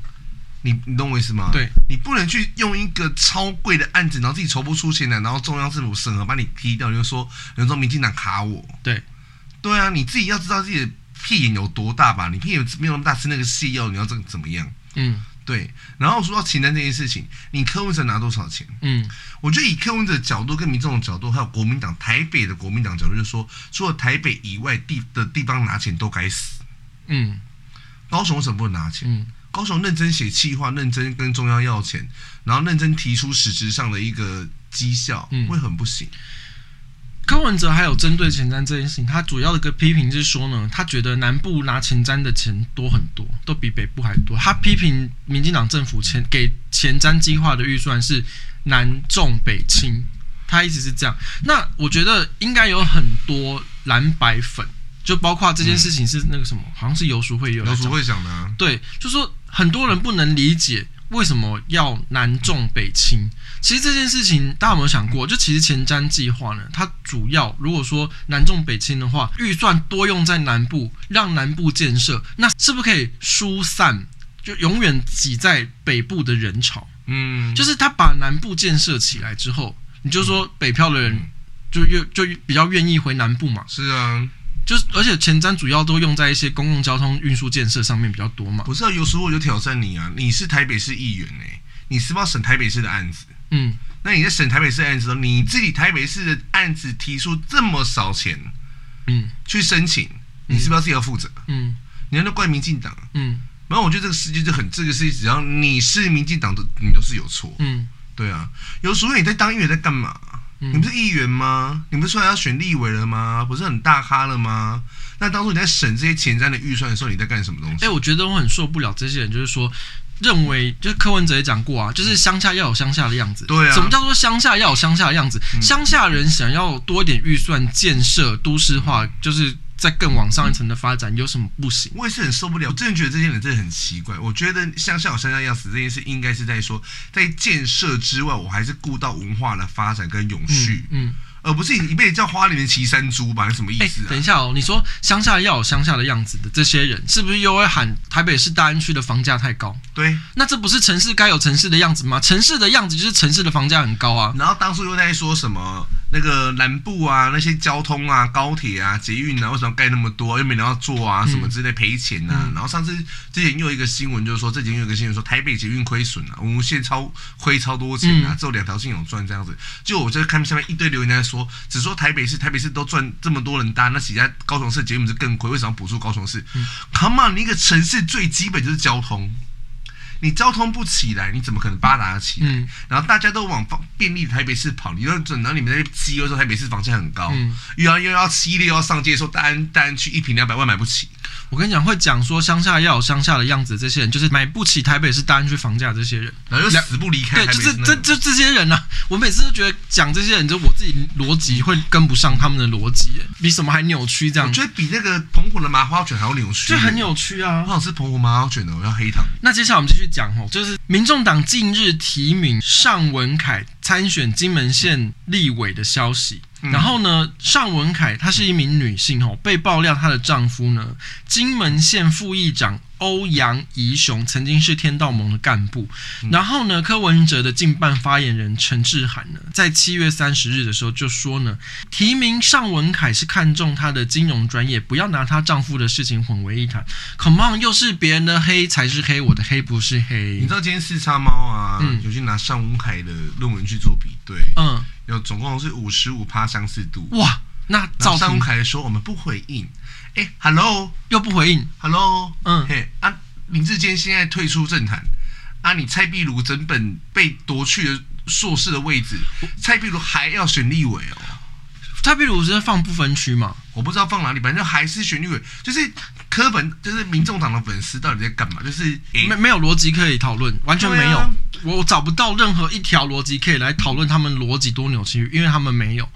你你懂我意思嗎？對，你不能去用一個超貴的案子，然後自己籌不出錢來，然後中央政府審核把你踢掉，就說，就說民進黨卡我。對，對啊，你自己要知道自己的屁眼有多大吧，你屁眼沒有那麼大，吃那個瀉藥你要怎怎麼樣？嗯。對，然後說到錢人這件事情，你柯文哲拿多少錢？嗯，我覺得以柯文哲的角度、跟民眾的角度，還有國民黨台北的國民黨角度就是，就說除了台北以外地的地方拿錢都該死。嗯，高雄為什麼不能拿錢？嗯、高雄認真寫計劃，認真跟中央要錢，然後認真提出實質上的一個績效，嗯、會很不行。柯文哲還有針對前瞻這件事情，他主要的個批評是說呢，他覺得南部拿前瞻的錢多很多，都比北部還多。他批評民進黨政府前給前瞻計劃的預算是南重北輕，他一直是這樣。那我覺得應該有很多藍白粉，就包括這件事情是那個什麼，嗯、好像是遊說會有遊說會講的，對，就是說很多人不能理解為什麼要南重北輕。其實這件事情大家有沒有想過？就其實前瞻計劃呢，它主要如果說南重北輕的話，預算多用在南部，讓南部建設，那是不是可以疏散就永遠擠在北部的人潮？嗯，就是他把南部建設起來之後，你就說北漂的人就越就，就比較願意回南部嘛。是啊，就是而且前瞻主要都用在一些公共交通運輸建設上面比較多嘛，不是、啊。我知道有時候我就挑戰你啊，你是台北市議員哎、欸，你是不是要審台北市的案子？嗯，那你在審台北市的案子的時候，你自己台北市的案子提出這麼少錢，嗯，去申請，嗯、你是不是要自己要負責嗯？嗯，你要不能怪民進黨。嗯，然後我覺得這個事情就很，這個事情只要你是民進黨的，你都是有錯。嗯，對啊，有時候你在當議員在幹嘛？嗯、你不是議員嗎？你不是說要選立委了嗎？不是很大咖了嗎？那當初你在審這些前瞻的預算的時候，你在幹什麼東西？哎、欸，我覺得我很受不了這些人，就是說。認為，就是柯文哲也講過啊，就是鄉下要有鄉下的樣子。對啊。什麼叫做鄉下要有鄉下的樣子？嗯、鄉下人想要多一點預算建設，嗯、都市化，就是再更往上一層的發展，嗯、有什麼不行？我也是很受不了，我真的覺得這些人真的很奇怪。我覺得鄉下有鄉下要死，這件事，應該是在說，在建設之外，我還是顧到文化的發展跟永續。嗯。嗯而、哦、不是你被叫花蓮騎山豬吧？是什麼意思、啊欸？等一下哦，你說鄉下要有鄉下的樣子的這些人，是不是又會喊台北市大安區的房價太高？對，那這不是城市該有城市的樣子嗎？城市的樣子就是城市的房價很高啊。然後當初又在說什麼？那個南部啊，那些交通啊、高鐵啊、捷運啊，為什麼蓋那麼多、啊，又沒人要坐啊，什麼之類賠錢啊。嗯嗯、然後上次之前又有一個新聞，就是說這幾天又有一個新聞說台北捷運虧損了，我們現在超虧超多錢啊，這兩條線有賺這樣子。就我在看下面一堆留言在說，只說台北市，台北市都賺這麼多人搭，那其他高雄市捷運是更虧，為什麼補助高雄市、嗯、？Come on，你一個城市最基本就是交通。你交通不起來，你怎麼可能發達得起來？嗯、然後大家都往便利的台北市跑，你就准，到你們在激，又說台北市房價很高，嗯、又要又要七一六，又要上街說大安、大安區一坪兩百萬買不起。我跟你講，會講說鄉下要有鄉下的樣子，這些人就是買不起台北市大安區房價，這些人，然後又死不離開了。對，就是這這這些人吶、啊，我每次都覺得講這些人，就我自己邏輯會跟不上他們的邏輯耶，比什麼還扭曲這樣。我覺得比那個澎湖的麻花卷還要扭曲，就很扭曲啊！我想吃澎湖麻花卷的，我要黑糖。那接下來我們繼續。講吼，就是民眾黨近日提名尚文凱參選金門縣立委的消息。然後呢，尚文凱她是一名女性吼，被爆料她的丈夫呢，金門縣副議長。歐陽宜雄曾經是天道盟的幹部，嗯、然後呢，柯文哲的近辦發言人陳智菡呢，在七月三十日的時候就說呢，提名尚文凱是看中他的金融專業，不要拿他丈夫的事情混為一談。Come on 又是別人的黑才是黑，我的黑不是黑。你知道今天四叉貓啊，嗯、有去拿尚文凱的論文去做比對，嗯，有總共是五十五趴相似度。哇，那照尚文凱說，我們不回應。哎、欸、Hello，又不回應，Hello，嗯，嘿，hey, 啊，林智堅現在退出政壇，啊，你蔡壁如整本被奪去了碩士的位置，蔡壁如還要選立委哦。他比如直接放不分區嘛，我不知道放哪裡，反正還是旋律。就是柯本，就是民眾黨的粉絲到底在幹嘛？就是、欸、沒沒有邏輯可以討論，完全沒有。啊、我找不到任何一條邏輯可以來討論他們邏輯多扭曲，因為他們沒有。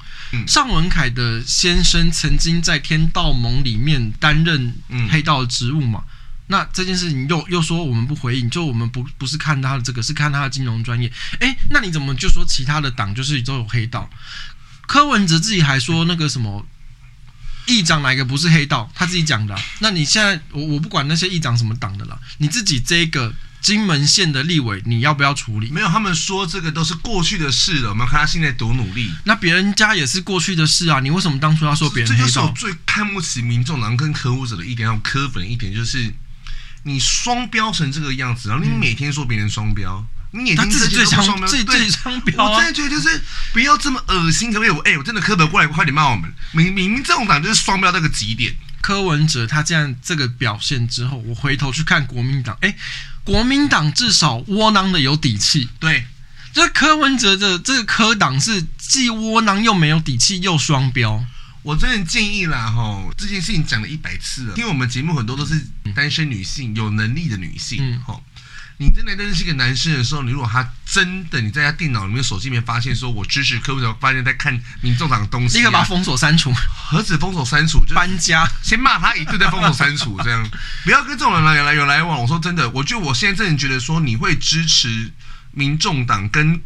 尚、嗯、文凱的先生曾經在天道盟裡面擔任黑道的職務嘛？嗯、那這件事情又又說我們不回應，就我們不不是看他的這個，是看他的金融專業。誒、欸。那你怎麼就說其他的黨就是都有黑道？柯文哲自己還說那個什麼，議長哪個不是黑道？他自己講的啊。那你現在我我不管那些議長什麼黨的了，你自己這一個金門縣的立委，你要不要處理？沒有，他們說這個都是過去的事了。我們看他現在多努力。那別人家也是過去的事啊，你為什麼當初要說別人？這就是我最看不起民眾黨跟柯文哲的一點，還有柯粉的一點，就是你雙標成這個樣子，然後你每天說別人雙標。嗯你眼睛自己自己最想，自己最雙標、啊、我真的覺得就是不要這麼噁心，可不可以我哎，我真的柯文過來快點罵我們！明明這種黨就是雙標到個極點。柯文哲他這樣這個表現之後，我回頭去看國民黨，哎、欸，國民黨至少窩囊的有底氣。對，這柯文哲的這個柯黨是既窩囊又沒有底氣又雙標。我真的建議啦吼，這件事情講了一百次了，因為我們節目很多都是單身女性，嗯、有能力的女性，嗯，吼你真的認識一個男生的時候，你如果他真的，你在他電腦裡面、手機裡面發現說，我支持柯文哲，發現在看民眾黨的東西、啊，立刻把他封鎖刪除。何止封鎖刪除，就搬家，先罵他一頓再封鎖刪除，這樣 不要跟這種人來來來來往。我說真的，我就我現在真的覺得說，你會支持民眾黨跟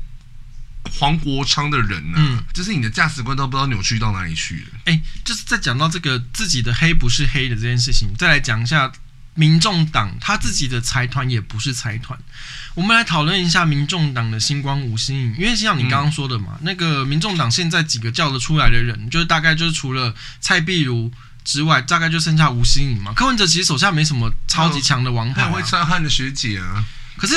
黃國昌的人呢、啊，嗯、就是你的價值觀都不知道扭曲到哪裡去了。哎、欸，就是在講到這個自己的黑不是黑的這件事情，再來講一下。民眾黨他自己的財團也不是財團，我們來討論一下民眾黨的星光吳欣盈，因為像你剛剛說的嘛，嗯、那個民眾黨現在幾個叫得出來的人，就是大概就是除了蔡壁如之外，大概就剩下吳欣盈嘛。柯文哲其實手下沒什麼超級強的王牌、啊，他他會穿漢的學姐啊。可是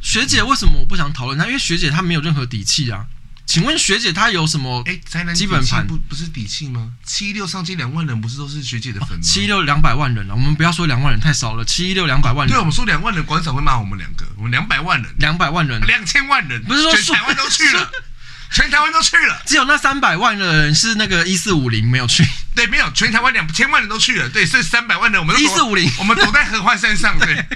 學姐為什麼我不想討論他？因為學姐她沒有任何底氣啊。請問學姐，她有什麼？哎，基本盤、欸、不不是底氣嗎？七六上近兩萬人，不是都是學姐的粉嗎？哦、七六兩百萬人了、啊，我們不要說兩萬人太少了，七六兩百萬人、啊哦。對，我們說兩萬人，館長會罵我們兩個。我們兩百萬人、啊，兩百萬人、啊，兩、啊、千萬人、啊，不是說，說全台灣都，說都去了，全台灣都去了，只有那三百萬的人是那個一四五零沒有去。對，沒有，全台灣兩千萬人都去了。對，是三百萬人我們一四五零，14 50笑我們躲在合歡山上。對，對，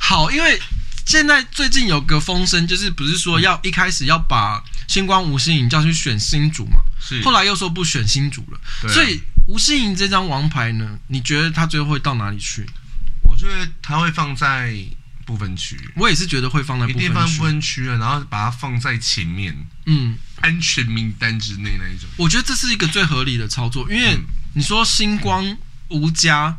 好，因為現在最近有個風聲，就是不是說要一開始要把。星光吳欣盈叫去選新主嘛，是，後來又說不選新主了，對啊、所以吳欣盈這張王牌呢，你覺得他最後會到哪裡去？我覺得他會放在不分區，我也是覺得會放在一定放不分區了，然後把它放在前面，嗯，安全名單之內那一種。我覺得這是一個最合理的操作，因為你說星光吳家，嗯、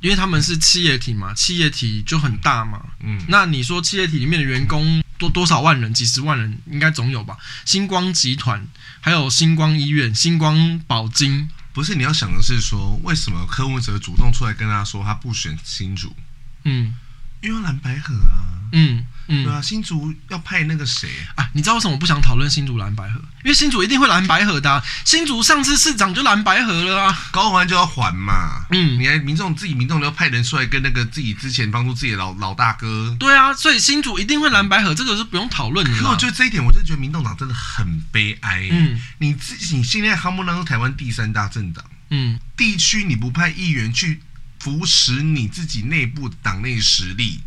因為他們是企業體嘛，企業體就很大嘛，嗯，那你說企業體裡面的員工。多多少萬人，幾十萬人，應該總有吧？新光集團，還有新光醫院、新光保全，不是？你要想的是說，為什麼柯文哲主動出來跟他說，他不選新竹？嗯，因為藍白合啊。嗯。嗯，對啊，新竹要派那個誰啊？你知道為什麼我不想討論新竹藍白合？因為新竹一定會藍白合的，啊。新竹上次市長就藍白合了啊，該還就要還嘛。嗯，你看民眾自己民眾都要派人出來跟那個自己之前幫助自己的老老大哥。對啊，所以新竹一定會藍白合，這個是不用討論的。可我覺得這一點，我就覺得民眾黨真的很悲哀，欸。嗯，你自己你現在哈木當中台灣第三大政黨，嗯，地區你不派議員去扶持你自己內部黨內實力。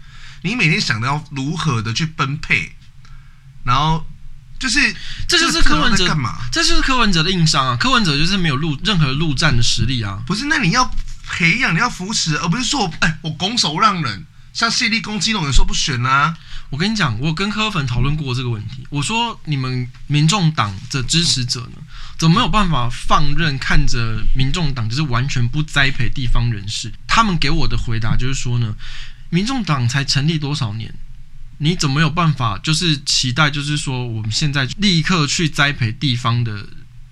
你每天想到要如何的去分配，然後就是這就是柯文哲幹嘛？這就是柯文哲的硬傷啊！柯文哲就是沒有陸任何陸戰的實力啊！不是，那你要培養，你要扶持，而不是說我哎，我拱手讓人，像謝立功那種有時候不選啊！我跟你講，我跟柯粉討論過這個問題，我說你們民眾黨的支持者呢，怎麼沒有辦法放任看着民眾黨就是完全不栽培地方人士？他們給我的回答就是說呢。民眾黨才成立多少年？你怎麼有辦法？就是期待，就是說我們現在立刻去栽培地方的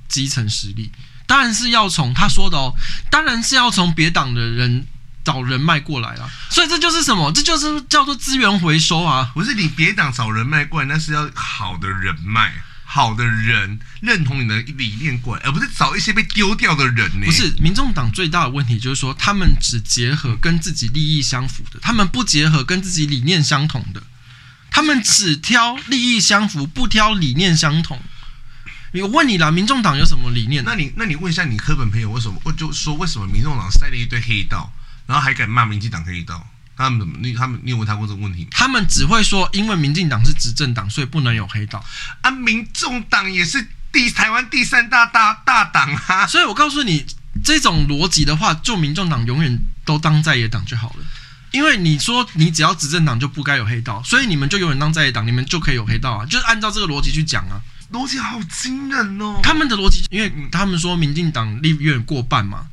基層實力，當然是要從他說的哦，當然是要從別黨的人找人脈過來啦、啊。所以這就是什麼？這就是叫做資源回收啊！不是你別黨找人脈過來，那是要好的人脈。好的人認同你的理念過來，而不是找一些被丟掉的人呢、欸？不是，民眾黨最大的問題就是說，他們只結合跟自己利益相符的，他們不結合跟自己理念相同的，他們只挑利益相符，不挑理念相同。我問你啦，民眾黨有什麼理念？那你那你問一下你科本朋友為什麼？我就說為什麼民眾黨塞了一堆黑道，然後還敢罵民進黨黑道？他們怎麼？你他們你有問他過這個問題？他們只會說，因為民進黨是執政黨，所以不能有黑道啊。民眾黨也是第台灣第三大大大黨啊。所以我告訴你，這種邏輯的話，就民眾黨永遠都當在野黨就好了。因為你說你只要執政黨就不該有黑道，所以你們就永遠當在野黨，你們就可以有黑道啊。就是按照這個邏輯去講啊。邏輯好驚人哦。他們的邏輯，因為他們說民進黨立院過半嘛。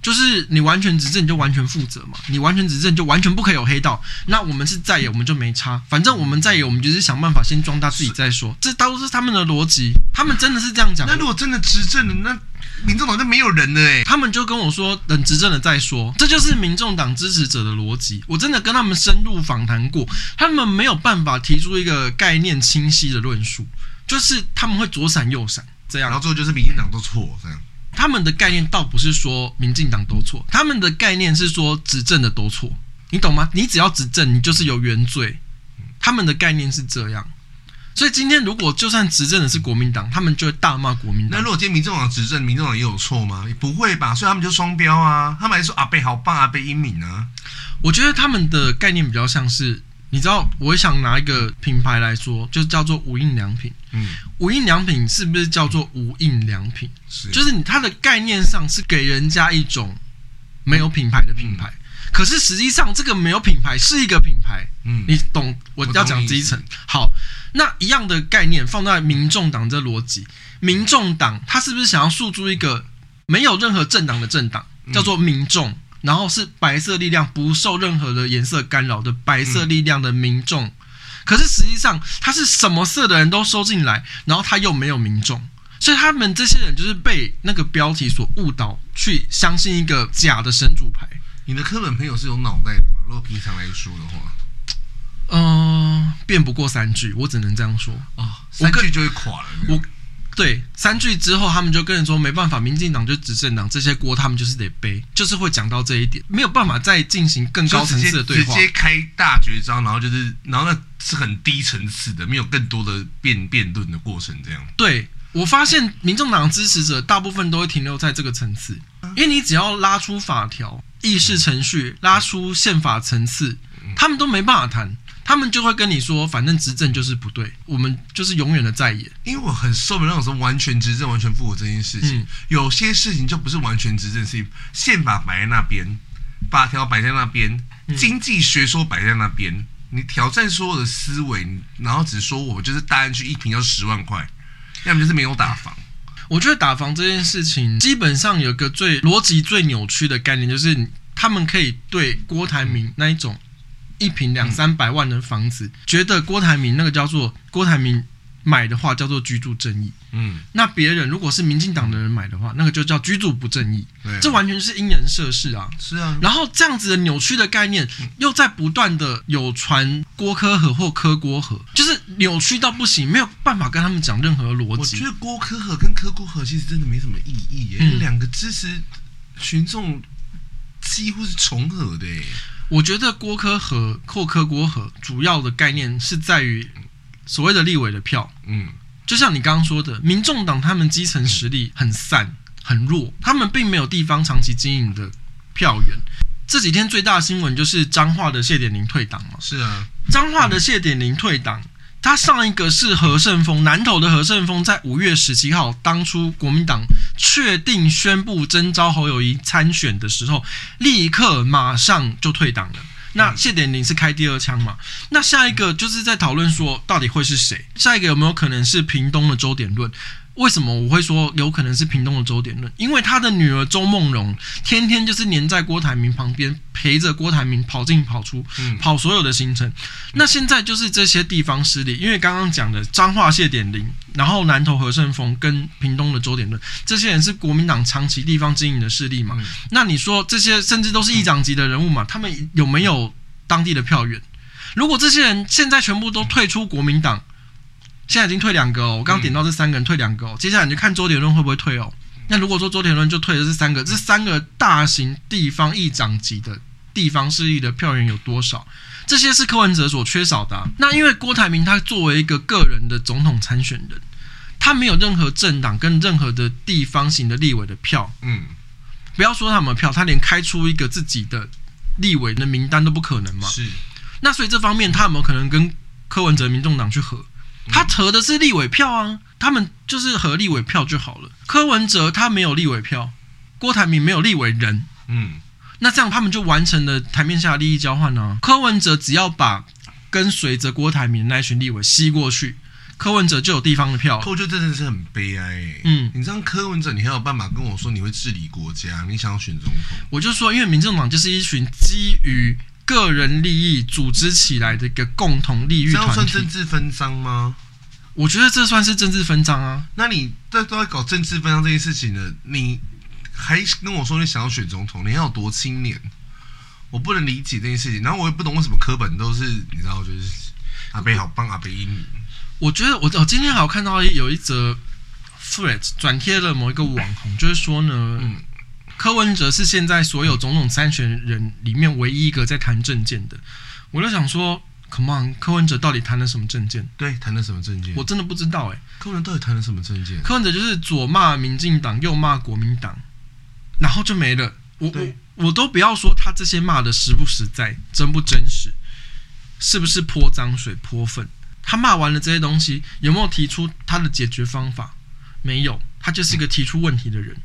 就是你完全執政就完全負責嘛，你完全執政就完全不可以有黑道。那我們是在野，我們就沒差，反正我們在野，我們就是想辦法先壯大自己再說。這都是他們的邏輯，他們真的是這樣講。那如果真的執政了，那民眾黨就沒有人了欸，他們就跟我說等執政了再說，這就是民眾黨支持者的邏輯。我真的跟他們深入訪談過，他們沒有辦法提出一個概念清晰的論述，就是他們會左閃右閃這樣，然後最後就是民進黨都錯這樣。他們的概念倒不是說民進黨都錯，他們的概念是說，執政的都錯，你懂嗎？你只要執政，你就是有原罪。他們的概念是這樣，所以今天如果就算執政的是國民黨，他們就會大罵國民黨。那如果今天民進黨執政，民進黨也有錯嗎？也不會吧？所以他們就雙標啊！他們還說阿伯好棒啊，阿伯英明啊。我覺得他們的概念比較像是。你知道我想拿一個品牌來說，就叫做無印良品。嗯、無印良品是不是叫做無印良品？是，就是它的概念，上是給人家一種沒有品牌的品牌，嗯嗯、可是實際上這個沒有品牌是一個品牌。嗯、你懂我要講基層。好，那一樣的概念放在民眾黨這邏輯，民眾黨它是不是想要訴諸一個沒有任何政黨的政黨，嗯、叫做民眾？然後是白色力量，不受任何的顏色干擾的白色力量的民眾，嗯、可是實際上他是什麼色的人都收進來，然後他又沒有民眾，所以他們這些人就是被那個標題所誤導，去相信一個假的神主牌。你的科本朋友是有腦袋的嘛？如果平常來說的話，嗯、呃，辯不過三句，我只能這樣說啊、哦，三句跟就會垮了。我。對，三句之後，他們就跟人說沒辦法，民進黨就執政黨這些鍋他們就是得背，就是會講到這一點，沒有辦法再進行更高層次的對話，直接，直接開大絕招，然後就是，然後那是很低層次的，沒有更多的辯辯論的過程這樣。對，我發現，民眾黨支持者大部分都會停留在這個層次，因為你只要拉出法條、議事程序，拉出憲法層次，他們都沒辦法談。他們就會跟你說，反正執政就是不對，我們就是永遠的在演。因為我很受不了那種說完全執政、完全復活這件事情。嗯、有些事情就不是完全執政，是憲法擺在那邊，法條擺在那邊，嗯、經濟學說擺在那邊，你挑戰所有的思維，然後只說我就是大安區一坪要十萬塊，要麼就是沒有打房、嗯。我覺得打房這件事情，基本上有個最邏輯最扭曲的概念，就是他們可以對郭台銘那一種。嗯一坪兩三百萬的房子，嗯、覺得郭台銘那個叫做郭台銘買的話叫做居住正義，嗯，那別人如果是民進黨的人買的話，那個就叫居住不正義，啊、這完全是因人設事啊，是啊，然後這樣子的扭曲的概念又在不斷的有傳郭柯合或柯郭合，就是扭曲到不行，沒有辦法跟他們講任何邏輯。我覺得郭柯合跟柯郭合其實真的沒什麼意義耶、欸，兩、嗯、個支持群眾幾乎是重合的、欸。我覺得郭柯和柯郭合主要的概念是在於所謂的立委的票，嗯，就像你剛剛說的，民眾黨他們基層實力很散很弱，他們並沒有地方長期經營的票源。這幾天最大的新聞就是彰化的謝典霖退黨嘛，是啊 的，彰化的謝典霖退黨。他上一個是何勝峰，南投的何勝峰。在五月十七號，當初國民黨確定宣布徵召侯友宜參選的時候，立刻馬上就退黨了。那謝典霖是開第二槍嗎？那下一個就是在討論說，到底會是誰？下一個有沒有可能是屏東的周典論？為什麼我會說有可能是屏東的周典論？因為他的女兒周夢蓉天天就是黏在郭台銘旁邊，陪着郭台銘跑進跑出，嗯、跑所有的行程。嗯、那現在就是這些地方勢力，因為剛剛講的彰化謝典霖，然後南投何勝峰跟屏東的周典論，這些人是國民黨長期地方經營的勢力嘛？嗯、那你說這些甚至都是議長級的人物嘛？他們有沒有當地的票源？嗯、如果這些人現在全部都退出國民黨？現在已經退兩個、哦、我剛點到這三個人、嗯、退兩個、哦、接下來你就看周杰倫會不會退哦。那如果說周杰倫就退了這三個，這三個大型地方議長級的地方勢力的票源有多少？這些是柯文哲所缺少的、啊。那因為郭台銘他作為一個個人的總統參選人，他沒有任何政黨跟任何的地方型的立委的票。嗯，不要說他們票，他連開出一個自己的立委的名單都不可能嘛。是。那所以這方面他有沒有可能跟柯文哲、民眾黨去合？他合的是立委票啊，他們就是合立委票就好了。柯文哲他沒有立委票，郭台銘沒有立委人，嗯，那這樣他們就完成了台面下的利益交換啊。柯文哲只要把跟隨着郭台銘那一群立委吸過去，柯文哲就有地方的票。我覺得真的是很悲哀、欸，嗯，你這樣柯文哲，你還有辦法跟我說你會治理國家，你想要選總統。我就說，因為民眾黨就是一群基於。個人利益組織起來的一個共同利益，這樣算政治分贓嗎？我覺得這算是政治分贓啊！那你在在搞政治分贓這件事情呢？你還跟我說你想要選總統，你要多清廉。我不能理解這件事情，然後我也不懂為什麼柯本都是你知道，就是阿伯好棒，阿伯英語。我覺得我今天好像看到有一則 Thread 轉貼了某一個網紅，就是說呢，嗯。柯文哲是現在所有總統參選人裡面唯一一個在談政見的，我就想說，Come on，柯文哲到底談了什麼政見？對，談了什麼政見？我真的不知道，欸，哎，柯文哲到底談了什麼政見？柯文哲就是左罵民進黨，右罵國民黨，然後就沒了。我我對我都不要說他這些罵的實不實在，真不真實，是不是潑髒水潑糞？他罵完了這些東西，有沒有提出他的解決方法？沒有，他就是一個提出問題的人。嗯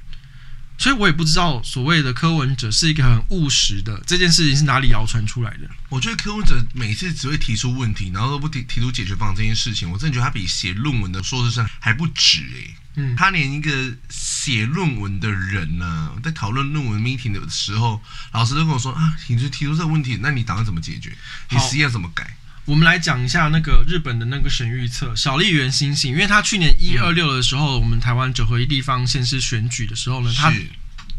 所以我也不知道所謂的柯文哲是一個很務實的這件事情，是哪裡謠傳出來的。我覺得柯文哲每次只會提出問題，然後都不提提出解決方案這件事情，我真的覺得他比寫論文的碩士生還不值哎、欸。嗯，他連一個寫論文的人呢、啊，在討論論文 meeting 的時候，老師都跟我說啊，你就提出這個問題，那你打算怎麼解決？你實驗怎麼改？我們來講一下那個日本的那個神預測，小笠原星星，因為他去年一二六的時候，嗯、我們台灣九合一地方縣市選舉的時候呢，是他。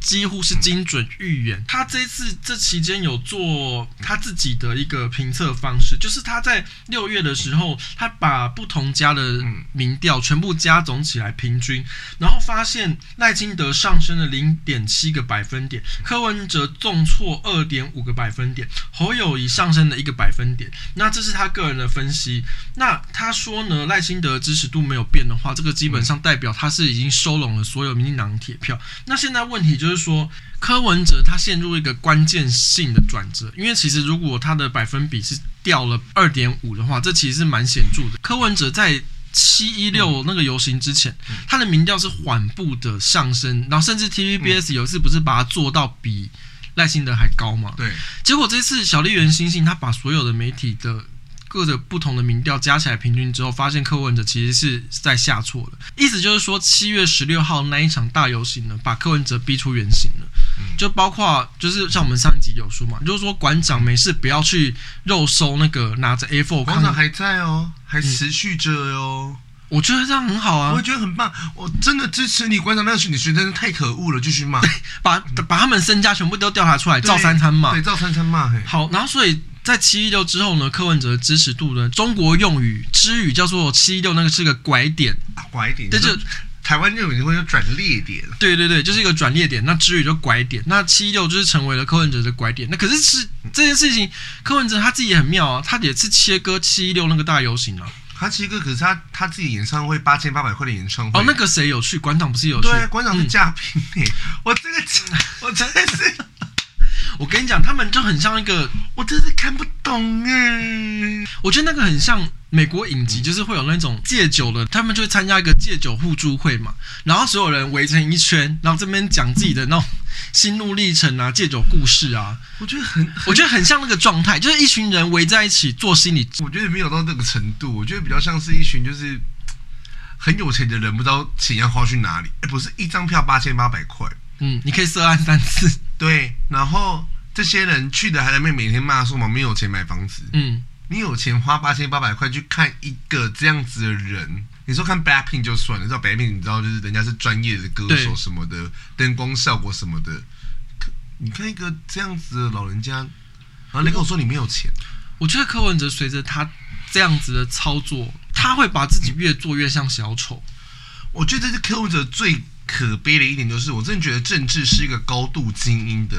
幾乎是精準預言。他這一次這期間有做他自己的一個評測方式，就是他在六月的時候，他把不同家的民調全部加總起來平均，然後發現賴清德上升了零點七個百分點，柯文哲重挫二點五個百分點，侯友宜上升了一個百分點。那這是他個人的分析。那他說呢，賴清德的支持度沒有變的話，這個基本上代表他是已經收攏了所有民進黨鐵票。那現在問題就是。就是說柯文哲他陷入一個關鍵性的轉折，因為其實如果他的百分比是掉了二點五的話，這其實是蠻顯著的。柯文哲在七一六那個遊行之前，他的民調是緩步的上升，然後甚至 TVBS 有一次不是把它做到比賴清德還高嘛？對，結果這次小笠原欣幸他把所有的媒體的。各著不同的民調加起來平均之後，發現柯文哲其實是在下挫了。意思就是說，七月十六號那一場大遊行呢，把柯文哲逼出原形了。就包括就是像我們上一集有說嘛，就是說館長沒事不要去肉搜那個拿着 A4。館長還在哦，還持續着喲、哦嗯。我覺得這樣很好啊，我覺得很棒，我真的支持你館長。那個許女士真的太可惡了，繼續罵，把把他們身家全部都調查出來，對照三餐罵，對，照三餐罵、欸。嘿，好，然後所以。在七一六之後呢，柯文哲的支持度呢？中國用語之語叫做七一六，那個是個拐點，啊、拐點，那就台灣用語應該叫轉捩點。對對對，就是一個轉捩點。那之語就拐點，那七一六就是成為了柯文哲的拐點。那可是是、嗯、這件事情，柯文哲他自己也很妙啊，他也是切割七一六那個大遊行啊。他切割，可是他他自己演唱會八千八百塊的演唱會，哦，那個誰有去？館長不是有去？館、啊、長是嘉賓、欸，對、嗯，我這個，我真的是。 我跟你講，他們就很像一個，我真的看不懂哎！我覺得那個很像美國影集，就是會有那種戒酒的，他們就會參加一個戒酒互助會嘛，然後所有人圍成一圈，然後這邊講自己的那種心路歷程啊，戒酒故事啊。我覺得很，我覺得很像那個狀態，就是一群人圍在一起做心理。我覺得沒有到那個程度，我覺得比較像是一群就是很有錢的人，不知道錢要花去哪裡。不是一張票八千八百塊。嗯，你可以涉案三次。對，然後這些人去的還在那每天罵說我沒有錢買房子。嗯，你有錢花八千八百塊去看一個這樣子的人，你說看 BLACKPINK 就算了。你知道 BLACKPINK，你知道就是人家是專業的歌手什麼的，燈對光效果什麼的。你看一個這樣子的老人家，然後你跟我說你沒有錢。我覺得柯文哲隨着他這樣子的操作，他會把自己越做越像小丑。嗯、我覺得這是柯文哲最。可悲的一點就是，我真的覺得政治是一個高度精英的。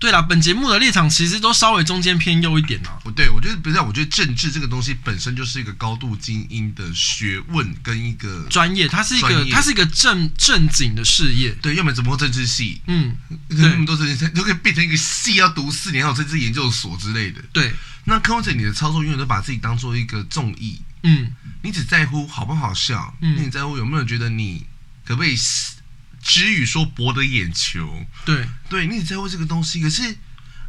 對啦，本節目的立場其實都稍微中間偏右一點哦、啊。不對，我覺得不是，我覺得政治這個東西本身就是一個高度精英的學問跟一個專業，業，它是一個，業它是一個正正經的事業。對，要麼然怎麼政治系？嗯，那麼多政對都可以變成一個系，要讀四年，然後研究所之類的。對，那客觀者，你的操作永遠都把自己當做一個綜藝，嗯，你只在乎好不好笑，嗯，你在乎有沒有覺得你可不可以？只與說博得眼球對，對對，你也在乎這個東西。可是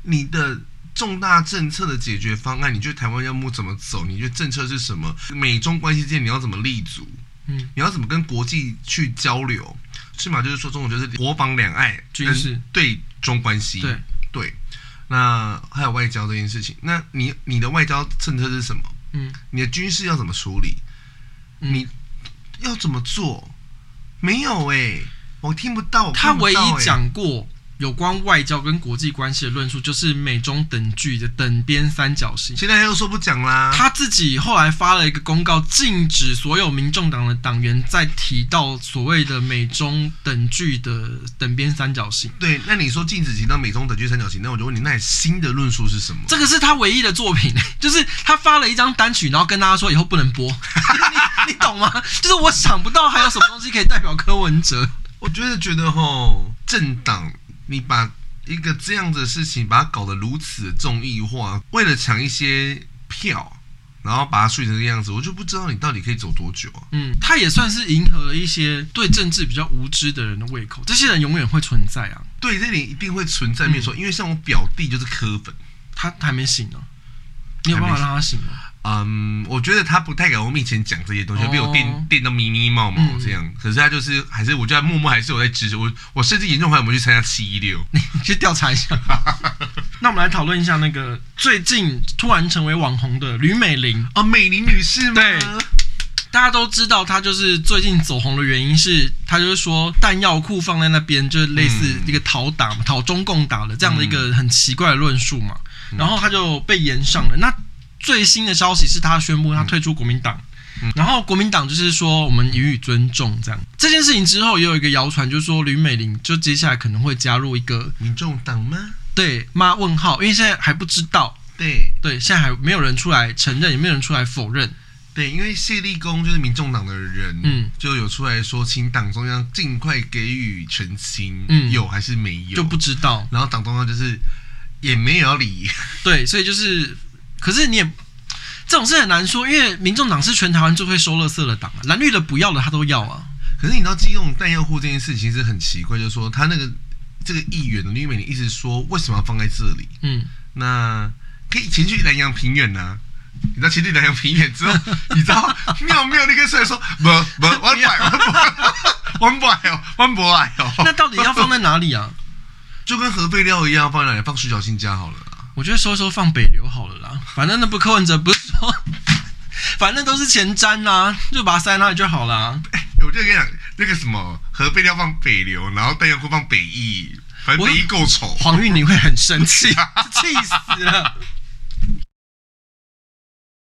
你的重大政策的解決方案，你覺得台灣要怎麼走？你覺得政策是什麼？美中關係間你要怎麼立足？嗯，你要怎麼跟國際去交流？起碼就是說，中國就是國防、兩岸、軍事、但對中關係，對，對那還有外交這件事情，那你你的外交政策是什麼？嗯，你的軍事要怎麼處理？嗯、你要怎麼做？沒有哎、欸。我聽不到。不到他唯一講過有關外交跟國際關係的論述，就是美中等距的等邊三角形。現在他又說不講啦。他自己後來發了一個公告，禁止所有民眾黨的黨員再提到所謂的美中等距的等邊三角形。對，那你說禁止提到美中等距三角形，那我就問你，那新的論述是什麼？這個是他唯一的作品，就是他發了一張單曲，然後跟大家說以後不能播你。你懂嗎？就是我想不到還有什麼東西可以代表柯文哲。我覺得覺得齁，政黨，你把一個這樣子的事情，把它搞得如此的綜藝化，為了搶一些票，然後把它睡成這個樣子，我就不知道你到底可以走多久啊。嗯，他也算是迎合了一些對政治比較無知的人的胃口，這些人永遠會存在啊。對，這裡一定會存在沒，沒錯、嗯，因為像我表弟就是柯粉他。他還沒醒呢，你有辦法讓他醒嗎？嗯，um, 我覺得他不太敢我面前講這些東西，哦、被我電電到咪咪冒冒這樣。嗯、可是他就是還是，我就在默默還是我在指着我。我甚至嚴重懷疑我們去參加七一六，你去調查一下。 那我們來討論一下那個最近突然成為網紅的呂美玲啊、哦，美玲女士嗎？對，大家都知道她就是最近走紅的原因是她就是說彈藥庫放在那邊，就是類似一個討打嘛，嗯、討中共打的這樣的一個很奇怪的論述嘛，嗯、然後她就被炎上了、嗯、那。最新的消息是，他宣布他退出國民黨，嗯嗯、然後國民黨就是說我們予以尊重這樣。嗯、這件事情之後，也有一個謠傳，就是說呂美玲就接下來可能會加入一個民眾黨嗎？對，媽問號，因為現在還不知道。對對，現在還沒有人出來承認，也沒有人出來否認。對，因為謝立功就是民眾黨的人，嗯、就有出來說請黨中央盡快給予澄清，嗯、有還是沒有就不知道。然後黨中央就是也沒有理。對，所以就是。可是你也，這種事很難說，因為民眾黨是全台灣最會收垃圾的黨啊，藍綠的不要的他都要啊。可是你知道機動彈藥庫這件事情是很奇怪，就是說他那個這個議員的女美玲一直說為什麼要放在這裡？嗯，那可以前去南洋平遠吶、啊，你到前去南洋平遠之後， 你知道妙妙那個誰說不不溫柏溫柏溫柏哦溫柏哦，不不不不不不那到底要放在哪裡啊？ 就跟核廢料一樣，放在哪裡，放徐小信家好了。我覺得說說放北流好了啦，反正那不扣文哲不是說，反正都是前瞻啦，就把它塞那裡就好啦，啊欸。我就跟你講，那個什麼，核廢料放北流，然後彈藥庫放北藝，反正北藝夠醜，黃玉你會很生氣 氣死了。